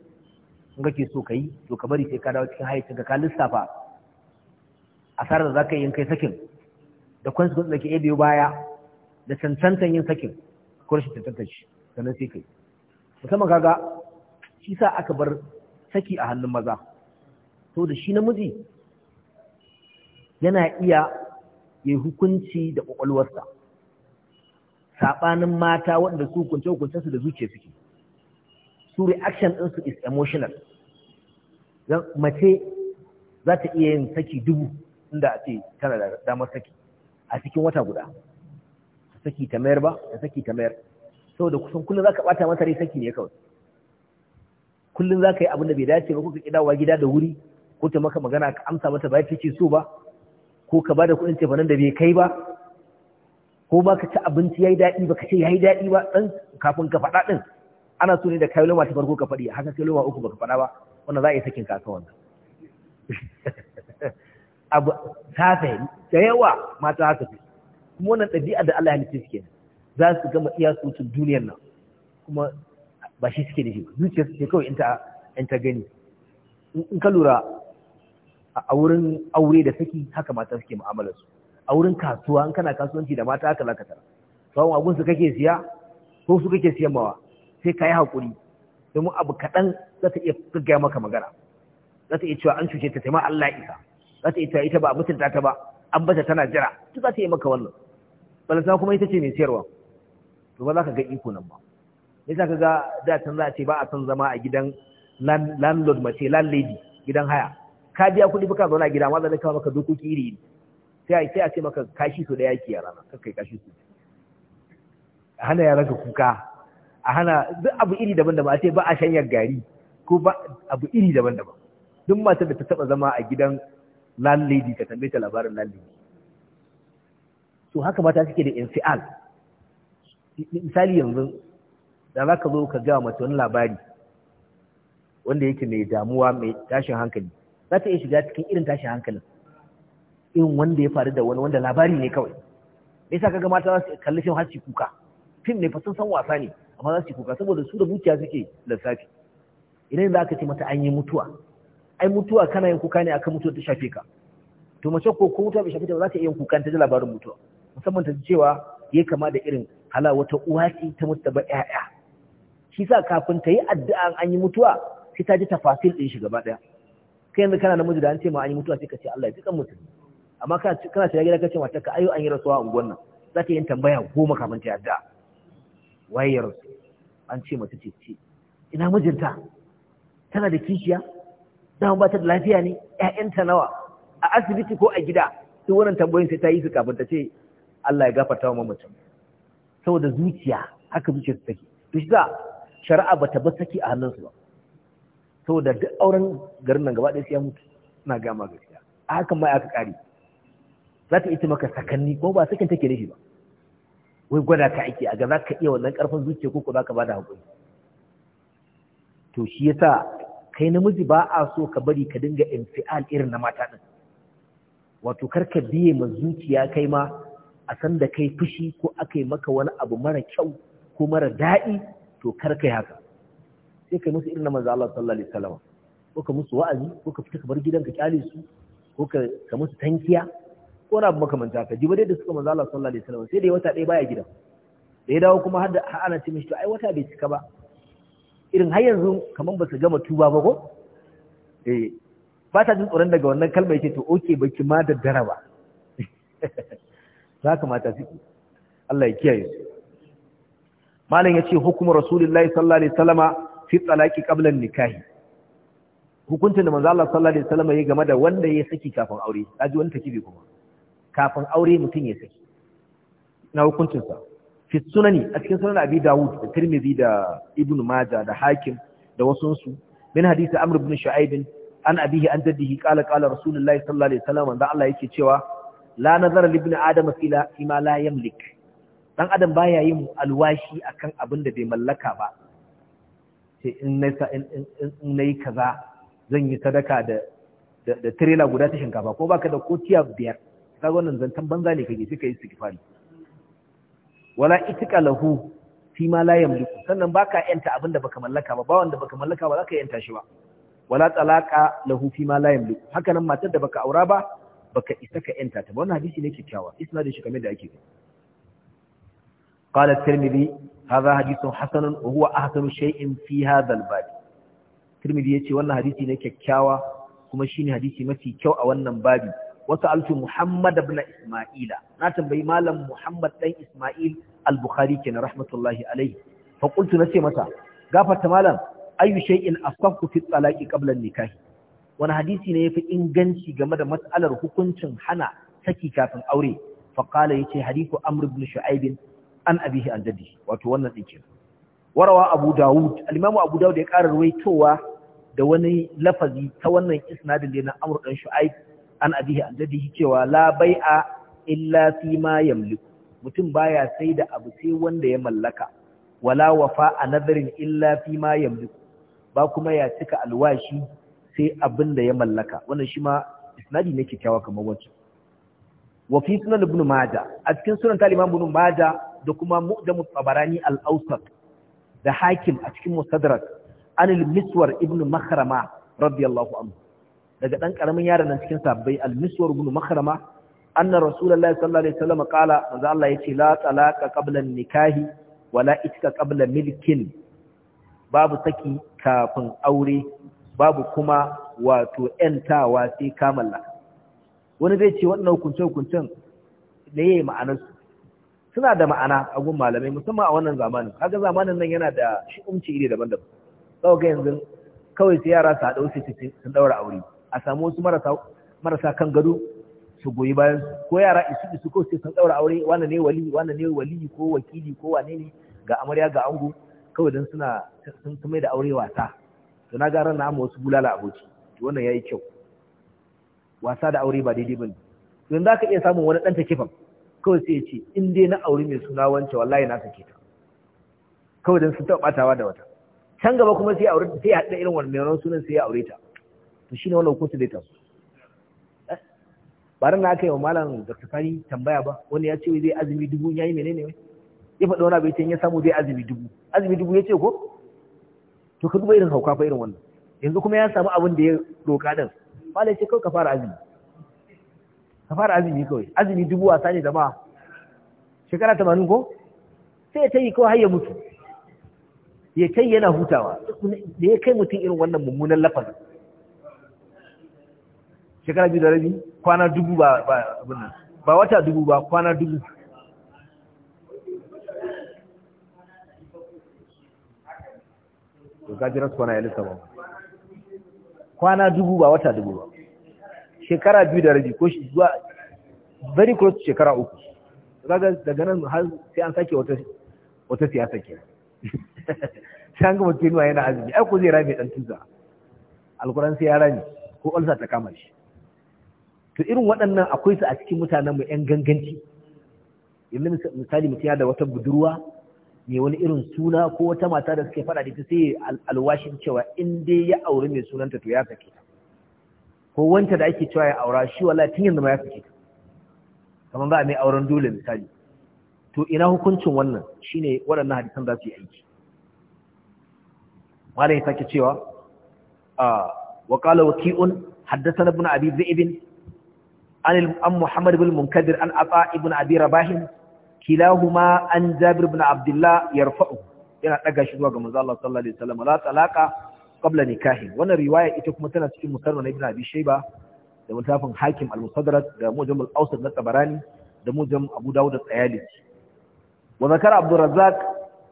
in kake so ka yi to ka bari sai ka dawo cikin hayyacin ka ka lissafa asarar da za ka yi in kai sakin da consequence da ke iya biyo baya da cancantan yin sakin ko rashin cancantan shi sannan sai kai musamman kaga shi sa aka bar saki a hannun maza to da shi namiji yana iya ya hukunci da ƙwaƙwalwarsa saɓanin mata waɗanda su hukunce su da zuciya suke su reaction ɗinsu is emotional mace za ta iya yin saki dubu inda a ce tana da damar saki a cikin wata guda saki ta mayar ba ta saki ta mayar saboda kusan kullum za ka ɓata mata rai saki ne kawai kullum za ka yi abin da bai dace ba ko ka ƙi gida da wuri ko ta maka magana ka amsa mata ba ya ce so ba ko ka bada kuɗin cefanen da bai kai ba ko ba ka ci abinci yayi daɗi ba ka ce yayi daɗi ba ɗan kafin ka faɗa ɗin ana so ne da kayi loma ta farko ka faɗi haka kai loma uku ba ka faɗa ba wannan za a yi sakin ka wannan abu ta fahimta da yawa mata haka fi kuma wannan ɗabi'a da Allah ya halitta suke za su gama iya su wucin duniyar nan kuma ba shi suke da shi zuciya su ce kawai in ta gani in ka lura a wurin aure da saki haka mata suke mu'amalar su a wurin kasuwa in kana kasuwanci da mata haka zaka tara sawun abun su kake siya ko su kake siyan mawa sai ka yi sai domin abu kaɗan za ta iya gaggaya maka magana za ta iya cewa an cuce ta taima Allah isa za ta iya cewa ita ba a mutunta ta ba an bata tana jira duk za ta iya maka wannan balasa kuma ita ce mai siyarwa to ba za ka ga iko nan ba yasa ka ga da can za a ce ba a son zama a gidan landlord mace landlady gidan haya ka biya kuɗi baka zauna gida amma zai kawo maka dokoki iri iri sai a ce maka kashi so da yaki a rana kai kashi so a hana yara ka kuka a hana duk abu iri daban daban a ce ba a shanyar gari ko ba abu iri daban daban duk matar da ta taba zama a gidan landlady ka tambaye ta labarin landlady to haka mata suke da infial misali yanzu da za ka zo ka gawa mace wani labari wanda yake mai damuwa mai tashin hankali za ta iya shiga cikin irin tashin hankalin in wanda ya faru da wani wanda labari ne kawai me yasa kaga mata za su kalli fim har su kuka fim ne fa sun san wasa ne amma za su kuka saboda su da dukiya suke lissafi idan za ka ce mata an yi mutuwa ai mutuwa kana yin kuka ne akan mutuwa ta shafe ka to mace ko ko mutuwa bai shafe ta ba za ta iya yin kuka ta ji labarin mutuwa musamman ta ji cewa ya kama da irin hala wata uwa ce ta mutu ba ƴaƴa shi sa kafin ta yi addu'a an yi mutuwa sai ta ji tafasil din shi gaba ɗaya kai yanzu kana namiji da an ce ma an yi mutuwa sai ka ce Allah ya kan mutum amma kana kana shiga gida ka ce matarka ayo an yi rasuwa a unguwan nan za ta yi tambaya goma kafin ta yarda waye ya rasu an ce mata ce ce ina mijinta tana da kishiya dama ba ta da lafiya ne ƴaƴanta nawa a asibiti ko a gida duk wannan tambayoyin sai ta yi su kafin ta ce Allah ya gafarta wa mamacin saboda zuciya haka zuciya take to shi za shari'a ta bar saki a hannunsu ba saboda duk auren garin nan gaba ɗaya sai ya gama gaskiya a hakan ma aka kare za ta ita maka sakanni ko ba sakin take nufi ba wai gwada ka aiki a ga za ka iya wannan ƙarfin zuciya ko za ka ba da haƙuri to shi yasa kai namiji ba a so ka bari ka dinga infial irin na mata din wato kar ka biye ma zuciya kai ma a san da kai fushi ko aka yi maka wani abu mara kyau ko mara daɗi to kar ka yi haka sai ka musu irin manzo Allah sallallahu alaihi wasallam ko ka musu wa'azi ko ka fita ka bar gidanka kyale su ko ka ka musu tankiya ko na manta ka ji dai da suka manzo Allah sallallahu alaihi wasallam sai dai wata ɗaya baya gidan da ya dawo kuma har da ana ce mishi to ai wata bai cika ba irin har yanzu kaman ba su gama tuba ba ko eh ba ta jin tsoron daga wannan kalma yake to oke baki ma da dara ba za ka mata suke Allah ya kiyaye su malam yace hukumar rasulullahi sallallahu alaihi wasallama fi talaqi qabla nikahi hukuncin da manzo Allah sallallahu alaihi wasallam ya game da wanda ya saki kafin aure kaji wani takibi kuma kafin aure mutum ya saki na hukuncin sa fi sunani a cikin sunan Abi Dawud da Tirmidhi da Ibn Majah da Hakim da wasu su min hadisi Amr ibn Shu'aib an abihi an jaddihi qala qala Rasulullahi sallallahu alaihi wasallam manzo Allah yake cewa la nazara li ibn adam fila Ima la yamlik dan adam baya yin alwashi akan abin da bai mallaka ba sai in na yi kaza zan yi sadaka da da tirela guda ta shinkafa ko baka da kotiya biyar kaga wannan zantan banza ne kake sai kai istighfari wala itika lahu fi ma la yamliku sannan baka yanta abin da baka mallaka ba ba wanda baka mallaka ba zaka yanta shi ba wala talaqa lahu fi ma la yamliku haka nan matar da baka aura ba baka isa ka yanta ta ba wannan hadisi ne kikkiawa isnadin shi kamar da ake gani qala tirmidhi hadha hadithun hasanun wa huwa ahsanu shay'in fi hadha al-bab Tirmidhi yace wannan hadisi ne kyakkyawa kuma shine hadisi mafi kyau a wannan babi wasu altu Muhammad ibn Isma'ila na tambayi malam Muhammad dan Isma'il al-Bukhari na rahmatullahi alaihi fa qultu nace masa gafarta malam ayu shay'in asafku fi talaqi ƙablan nikahi. nikah wani hadisi ne ya fi inganci game da matsalar hukuncin hana saki kafin aure fa qala yace hadithu Amru ibn Shu'aib an abihi an jaddi wato wannan kenan warawa abu dawud al-imamu abu dawud ya ƙara ruwaitowa da wani lafazi ta wannan isnadin da na amr dan shu'aib an abihi an jaddi cewa la bai'a illa fi ma yamliku mutum baya sai da abu sai wanda ya mallaka wala wafa a nazarin illa fi ma yamliku ba kuma ya cika alwashi sai abin da ya mallaka wannan shi ma isnadi ne kyakkyawa kamar wancan wa fi sunan ibn majah a cikin sunan ta ibn majah da kuma mu'jamu tabarani al-awsat da hakim a cikin mustadrak al miswar ibn makhrama radiyallahu anhu daga dan karamin yaron nan cikin sabbai al-miswar ibn makhrama anna rasulullahi sallallahu alaihi wasallam qala manzo Allah yace la talaqa qabla nikahi wala itka qabla milkin babu saki kafin aure babu kuma wato ‘yantawa sai kamalla. Wani zai ce wannan hukuncin-hukuncin da ya yi ma'anarsu, suna da ma'ana a gun malamai musamman a wannan zamanin kaga zamanin nan yana da shi'umci iri daban-daban sau ga yanzu kawai sai yara su haɗau su sun ɗaura aure a samu wasu marasa kan gado su goyi bayan su ko yara isu isu ko sai sun ɗaura aure wanda ne wali wanda ne wali ko wakili ko wane ne ga amarya ga ango kawai don suna sun mai da aure wasa to na gara na wasu bulala aboki wannan yayi kyau wasa da aure ba daidai bane yanzu zaka iya samun wani ɗan takifan kawai sai ya ce in dai na auri mai suna wance wallahi na sake ta kawai don sun taɓa ɓatawa da wata can gaba kuma sai aure sai ya haɗa irin wani mai sunan sai ya aure ta to shine wannan hukuncin ta su eh? ba na aka yi wa malam Dr. Kani tambaya ba wani ya ce zai azumi dubu ya yi menene ne ya faɗi wani abu ya samu zai azumi dubu azumi dubu ya ce ko to ka duba irin hauka fa irin wannan yanzu kuma ya samu abin da ya roka din ya ce kawai ka fara azumi ka fara azumi kawai azumi dubu wasa ne jama'a shekara tamanin ko sai ya tayi kawai har ya mutu ya kai yana hutawa da ya kai mutum irin wannan mummunan lafazin shekara biyu da rabi kwana dubu ba abinnan ba wata dubu ba kwana dubu gajirar kwana ya lissa ba kwana dubu ba wata dubu ba shekara biyu da rabi ko zuwa very close shekara uku kaga daga nan har sai an sake wata wata siyasa ke sai an gama tunuwa yana azumi ai ko zai rabe dan tuza alquran sai ya rabe ko alsa ta kama shi to irin waɗannan akwai su a cikin mutanen mu yan ganganci yanzu misali mutum ya da wata budurwa ne wani irin suna ko wata mata da suke fada da ita sai alwashin cewa in dai ya aure mai sunanta to ya sake ta ko wanta da ake cewa ya aura shi wallahi tun yanzu ma ya fice kamar ba mai auren dole misali to ina hukuncin wannan shine waɗannan hadisan za su yi aiki malai sake cewa a wa qala waqi'un haddathana ibn abi zaib an an muhammad ibn munkadir an afa ibn abi rabah kilahuma an jabir ibn abdullah yarfa'u yana daga shi zuwa ga manzo Allah sallallahu alaihi wasallam la qabla nikahin wannan riwaya ita kuma tana cikin na ibn abi shayba da mutafin hakim al-musaddarat da mujam al-awsat na tabarani da mujam abu dawud da tsayalisi wa zakara abdur razzaq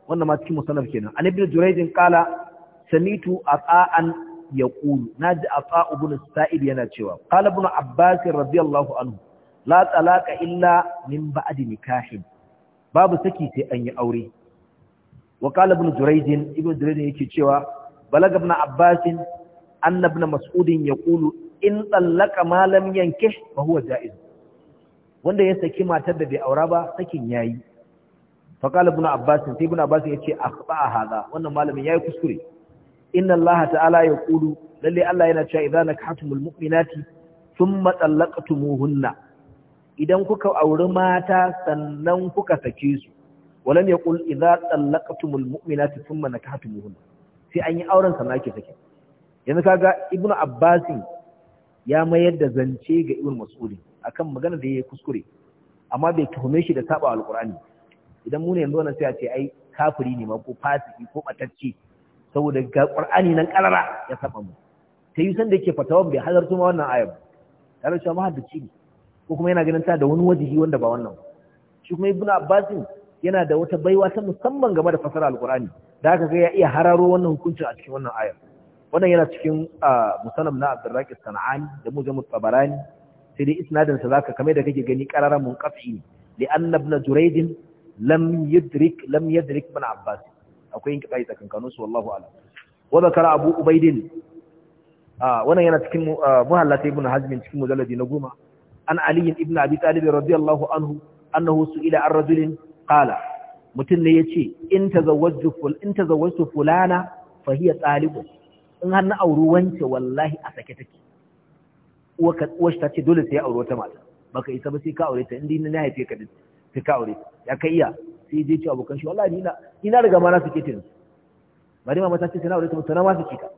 wannan ma cikin musannad kenan an ibn jurayj qala samitu ata'an yaqulu naji ata ibn sa'id yana cewa qala ibn abbas radiyallahu anhu la talaqa illa min ba'di nikahin babu saki sai an yi aure wa qala ibn jurayj ibn jurayj yake cewa balaga ibn Abbasin anna ibn mas'ud yaqulu in tsallaka malam yanke fa huwa jaiz wanda ya saki matar da bai aura ba sakin yayi fa qala ibn Abbasin sai ibn abbas yace akhta hada wannan malamin yayi kuskure inna allah ta'ala yaqulu lalle allah yana cewa idan nakhatumul mu'minati thumma talaqtumuhunna idan kuka auri mata sannan kuka sake su walam yaqul idza talaqtumul mu'minati thumma nakhatumuhunna sai an yi auren sa ake take. yanzu kaga ibn abbasin ya mayar da zance ga ibn mas'udin akan magana da ya yi kuskure amma bai tuhume shi da saba alqur'ani idan mu ne yanzu wannan sai a ce ai kafiri ne ma ko fasiki ko batacce saboda ga qur'ani nan karara ya saba mu sai yusan da yake fatawan bai halarta ma wannan ayat ya rasha mahaddaci ne ko kuma yana ganin ta da wani wajihi wanda ba wannan shi kuma ibn abbasin yana da wata baiwa ta musamman game da fasara alqur'ani da aka ga ya iya hararo wannan hukuncin a cikin wannan ayar wannan yana cikin musanam na abdurraqis sana'ani da mujammud tabarani sai dai isnadin sa zaka kamar da kake gani qararan munqati li anna ibn jurayd lam yudrik lam yudrik ibn abbas akwai inqita tsakan su wallahu a'lam wa zakara abu ubaidin wannan yana cikin muhallata ibn hazm cikin mujalladi na goma an ali ibn abi talib radiyallahu anhu annahu su'ila ar-rajulin qala mutum ne ya ce in tazawwajtu fulana fa hiya talibu in har na auri wance wallahi a sake take uwarshi ta ce dole sai ya auri wata mata baka isa ba sai ka aure ta inda na haife ka sai ka aure ya kai iya sai je ci abokan shi wallahi ina ina riga ma na suke tin bari ma mata ce sai na aure ta na ma suke ta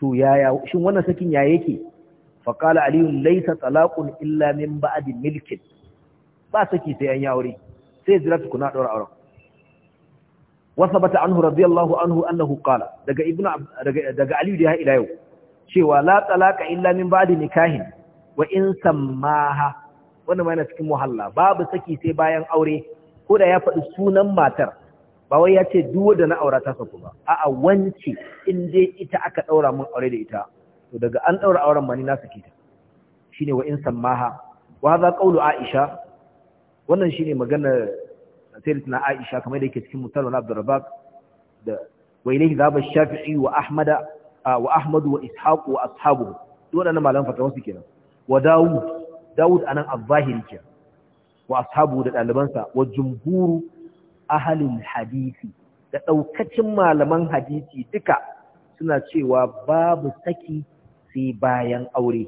to yaya shin wannan sakin ya yake fa qala aliyu laysa talaqun illa min ba'di milkin ba saki sai an yi aure sai jira tukuna daura auren wasabata anhu radiyallahu anhu annahu qala daga ibnu daga daga ali da ila yau cewa la talaka illa min ba'di nikahin wa in sammaha wannan ma yana cikin muhalla babu saki sai bayan aure ko da ya faɗi sunan matar ba wai ya ce duk wanda na aura ta saku ba a'a wance in dai ita aka daura mun aure da ita to daga an daura auren ma ni na saki ta shine wa in sammaha wa hadha qawlu aisha wannan shine maganar na Aisha kamar da yake cikin musalman Abdurrabbaq da wa ilayhi dhaba Shafi'i wa Ahmad ah, wa Ahmad wa Ishaq wa ashabu wannan malaman fatawa su kenan wa Dawud Dawud anan az-zahiri wa ashabu da ɗalibansa wa jumhuru ahlul hadisi da daukacin malaman hadisi duka suna cewa babu saki sai bayan aure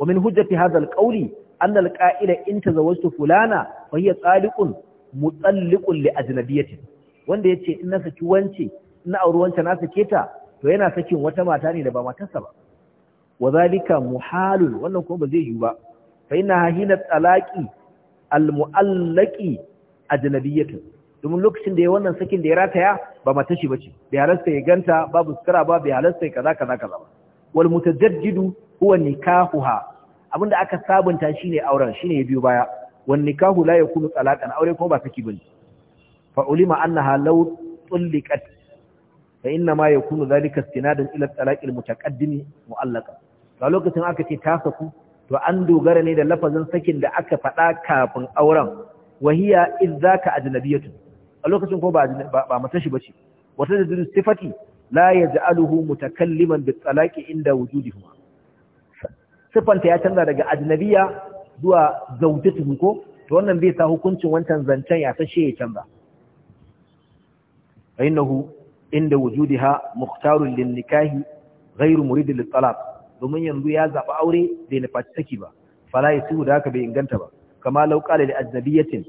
wa min hujjati hadha al-qawli in أن القائل إن تزوجت فلانا وهي طالق مطلق لأجنبية wanda ya ce in na saki wance na auri wance na sake ta to yana sakin wata mata ne da ba matarsa ba wadhalika muhalun wannan kuma ba zai yi ba fa inna hina talaqi almu'allaqi ajnabiyatun domin lokacin da ya wannan sakin da ya rataya ba matar shi bace bai halasta ya ganta babu sukara ba bai halasta ya kaza kaza kaza ba wal mutajaddidu huwa nikahuha abinda aka sabunta shine auren shine biyu baya wan nikahu la yakunu talaqan aure kuma ba saki bane fa ulima annaha law tulliqat fa inna ma yakunu dhalika istinadan ila talaq mutaqaddim mu'allaqa a lokacin aka ce ta saku to an dogara ne da lafazin sakin da aka faɗa kafin auren wahiya idzaka ajnabiyatu a lokacin ko ba ba matashi bace wata da sifati la yaj'aluhu mutakalliman bi talaqi inda wujudihi siffanta ya canza daga ajnabiya zuwa zaujatuhu ko to wannan zai sa hukuncin wancan zancen ya sashe ya canza inda wujudi عند وجودها مختار nikahi gairu مريد للطلاق domin yanzu ya zaɓi aure bai nufa saki ba fala ya da haka bai inganta ba kama lauka da ajnabiyatin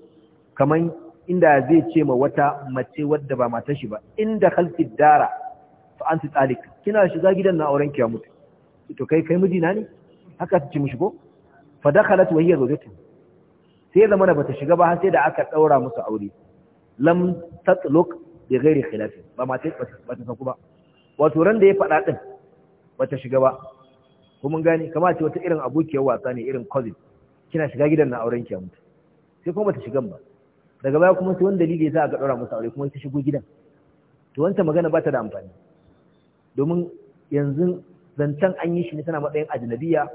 kaman inda zai ce ma wata mace wadda ba matar shi ba inda khalfi dara fa anti talik kina shiga gidan na auren ki ya mutu to kai kai mijina ne haka su ce mishi ko fa dakhalat wa hiya zawjatu sai zama na bata shiga ba har sai da aka daura musu aure lam tatluq bi ghairi khilaf ba ma sai ta saku ba wato ran da ya fada din bata shiga ba ko mun gane kamar ce wata irin abokiyar wasa ne irin cousin kina shiga gidan na auren ki a mutu sai kuma bata shigan ba daga baya kuma sai wani dalili ya sa aka daura musu aure kuma sai shigo gidan to wancan magana ba ta da amfani domin yanzu zancen an yi shi ne tana matsayin ajnabiya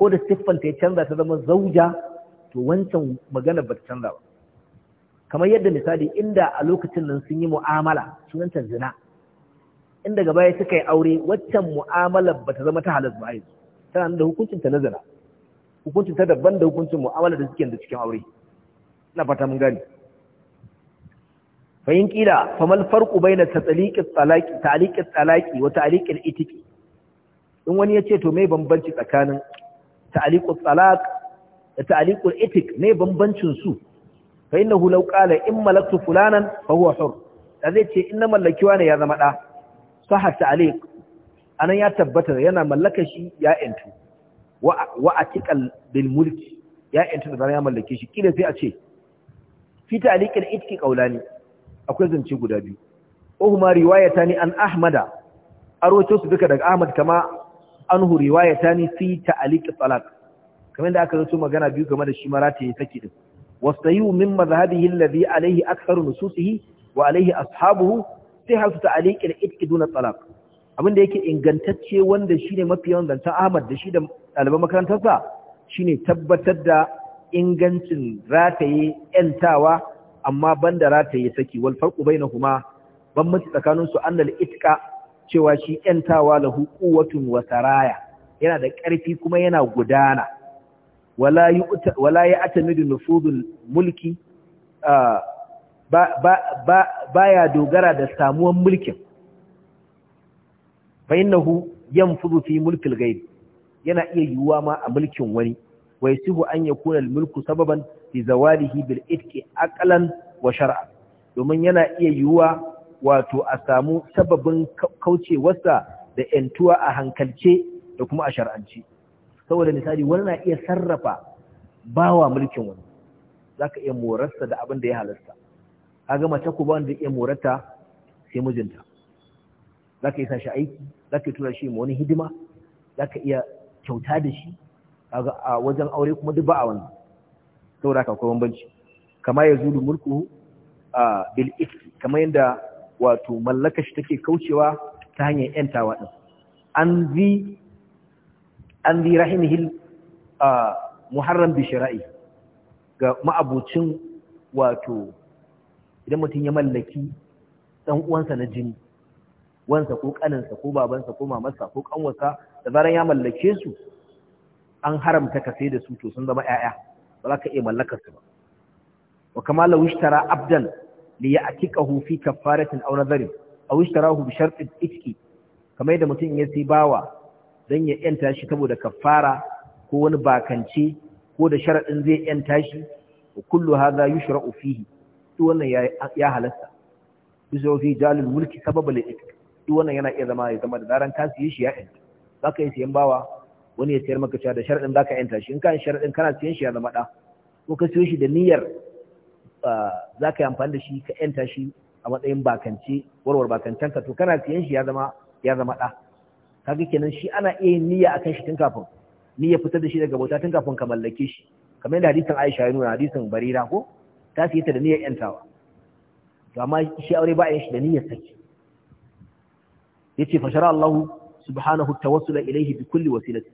ko da siffanta ya canza ta zama zauja to wancan magana ba ta canza ba kamar yadda misali inda a lokacin nan sun yi mu'amala sunanta zina inda gaba ya suka yi aure waccan mu'amala ba ta zama ta halas ba yanzu tana da hukuncin ta na zina hukuncin ta daban da hukuncin mu'amala da suke da cikin aure ina fata mun gani. fa yin kila fa mal farqu baina tatliqi talaqi ta'liqi talaqi wa ta'liqi itiki in wani ya ce to me bambanci tsakanin ta'aliqu talaq da ta'aliqul itik ne bambancin su fa innahu law qala in malaktu fulanan fa huwa hur da zai ce inna mallakiwa ne ya zama da sahha ta'aliq anan ya tabbata yana mallaka shi ya intu wa wa atiqal bil mulki ya intu da ya mallake shi kila sai a ce fi ta'aliqil itiki qaulani akwai zance guda biyu uhuma riwayatani an ahmada arwato su duka daga ahmad kama anhu riwayatani fi ta'liq talaq kamar da aka zato magana biyu game da shi ma ya saki din wastayu min madhhabihi alladhi alayhi aktharu nususihi wa alayhi ashabuhu sihhatu ta'liq al-itq duna talaq abin da yake ingantacce wanda shine mafi yawan zancen Ahmad da shi da ɗaliban makarantarsa shine tabbatar da ingancin rataye yantawa amma banda rataye saki wal farqu bainahuma ban mutu tsakanin su annal itqa cewa shi ‘yantawa lahu quwwatun wa saraya yana da ƙarfi kuma yana gudana wala ya atamidu nufudul mulki ba ya dogara da samuwan mulkin fa 'yan yanfudu fi mulkil ghaib yana iya yiwuwa ma a mulkin wani wai sihu an yakuna al-mulku sababan li zawalihi bil itqi aqlan wa shar'a domin yana iya yiwuwa wato a samu sababin kaucewarsa da ‘yantuwa a hankalce da kuma a shar'anci. Saboda misali, wani na iya sarrafa bawa mulkin wani, za ka iya morarsa da abin da ya halasta. A gama ta ku ba iya morarta sai mijinta. Za ka yi sa shi aiki, za ka yi tura shi ma wani hidima, za ka iya kyauta da shi, a wajen aure kuma duk ba a wannan. Saboda ka akwai bambanci. Kama ya zulu mulku bil iski, kamar yadda wato mallaka shi take kaucewa ta hanyar yantawa din an zi an zi a muharram bi shara'i ga ma'abucin wato idan mutum ya mallaki dan uwansa na jini wansa ko ƙaninsa ko babansa ko mamarsa ko kanwarsa da zaran ya mallake su an haramta ka sai da su to sun zama 'ya'ya ba za ka iya mallakarsu ba wa kama lawishtara abdan li ya'tikahu fi kaffaratin aw nadharin aw ishtarahu bi shartin itki kamar da mutum ya sai bawa dan ya yanta shi saboda kaffara ko wani bakance ko da sharadin zai yanta shi kullu hadha yushra'u fihi duk wannan ya halasta yusra'u fi jalil mulki sababa li itki duk wannan yana iya zama ya zama da zaran ka siye shi ya yanta zaka yi siyan bawa wani ya sayar maka cewa da sharadin zaka yanta shi in kan sharadin kana siyan shi ya zama da ko ka siyo shi da niyyar za ka yi amfani da shi ka yanta shi a matsayin bakance warwar bakancen ka to kana siyan shi ya zama ya zama ɗa kaga kenan shi ana iya yin niyya akan shi tun kafin niyya fitar da shi daga bauta tun kafin ka mallake shi kamar yadda hadisin Aisha ya nuna hadisin Barira ko ta siye ta da niyyar yantawa to amma shi aure ba yin shi da niyyar saki yace fa shara Allah subhanahu tawassul ilayhi bi kulli wasilati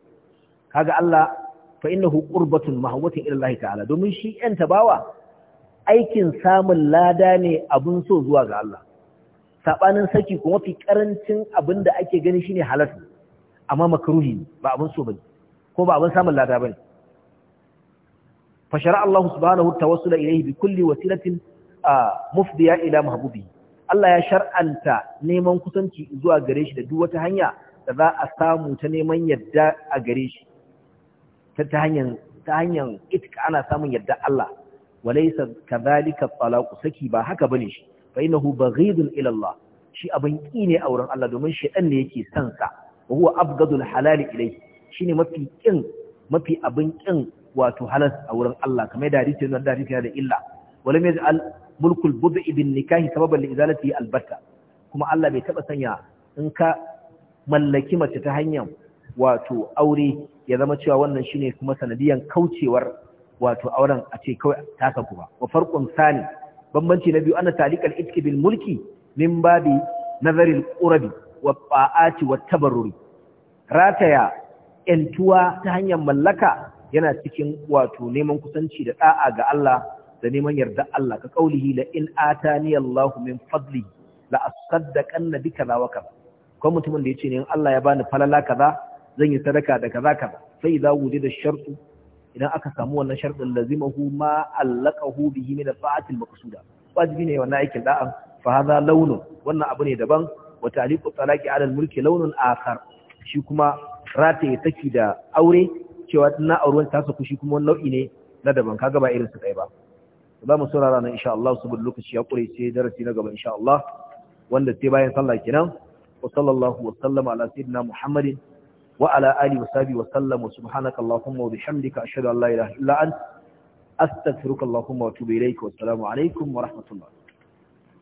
kaga Allah fa innahu qurbatun mahwatin ila Allah ta'ala domin shi yanta bawa aikin samun lada ne abin so zuwa ga Allah Saɓanin saki kuma mafi karancin abin da ake gani shine halal amma makaruhi ne ba abin so bane ko ba abin samun lada bane fa shara Allah subhanahu wasu da ilayhi bi kulli wasilatin mufdiya ila mahabubi. Allah ya shar'anta neman kusanci zuwa gare shi da duk wata hanya da za a samu ta neman yadda a gare shi ta hanyar ita ana samun yadda Allah walaysa kadhalika talaqu saki ba haka bane shi fa innahu baghidun ila Allah shi abin ki ne a wurin Allah domin shedan ne yake son sa wa huwa abghadul ilai shine mafi kin ƙin abin kin wato halas a wurin Allah kamar da hadisi nan da hadisi da illa wala mai al mulkul bud'i bin nikahi sababan li izalati albarka. kuma Allah bai taba sanya in ka mallaki mace ta hanyar wato aure ya zama cewa wannan shine kuma sanadiyan kaucewar wato auren a ce kawai ta saku ba wa farkon sani bambanci na biyu ana talikal itki bil mulki min babi nazaril qurabi wa ba'ati wa tabarruri rataya entuwa ta hanyar mallaka yana cikin wato neman kusanci da da'a ga Allah da neman yarda Allah ka kaulihi la in atani Allahu min fadli la asaddaqanna bika la wa kaza ko mutumin da yace ne Allah ya bani falala kaza zan yi sadaka da kaza kaza sai idza wujida shartu idan aka samu wannan sharɗin lazimahu ma allaqahu bihi min al-fa'ati al-maqsuda wajibi ne wannan aikin da'an fa hadha launun wannan abu ne daban wa ta'liqu talaqi 'ala al-mulki launun akhar shi kuma rataye take da aure cewa na auren ta saku shi kuma nau'i ne na daban kaga ba irin su kai ba za mu saurara nan insha Allah saboda lokaci ya kure sai darasi na gaba insha Allah wanda sai bayan sallah kenan wa sallallahu wa sallama ala sayyidina Muhammadin wa ala Ali wa sahbihi wa sallam wa subhanaka allahumma wa bihamdika ashhadu an la ilaha illa anta astaghfiruka allahumma wa atubu ilaik wa assalamu alaikum wa rahmatullah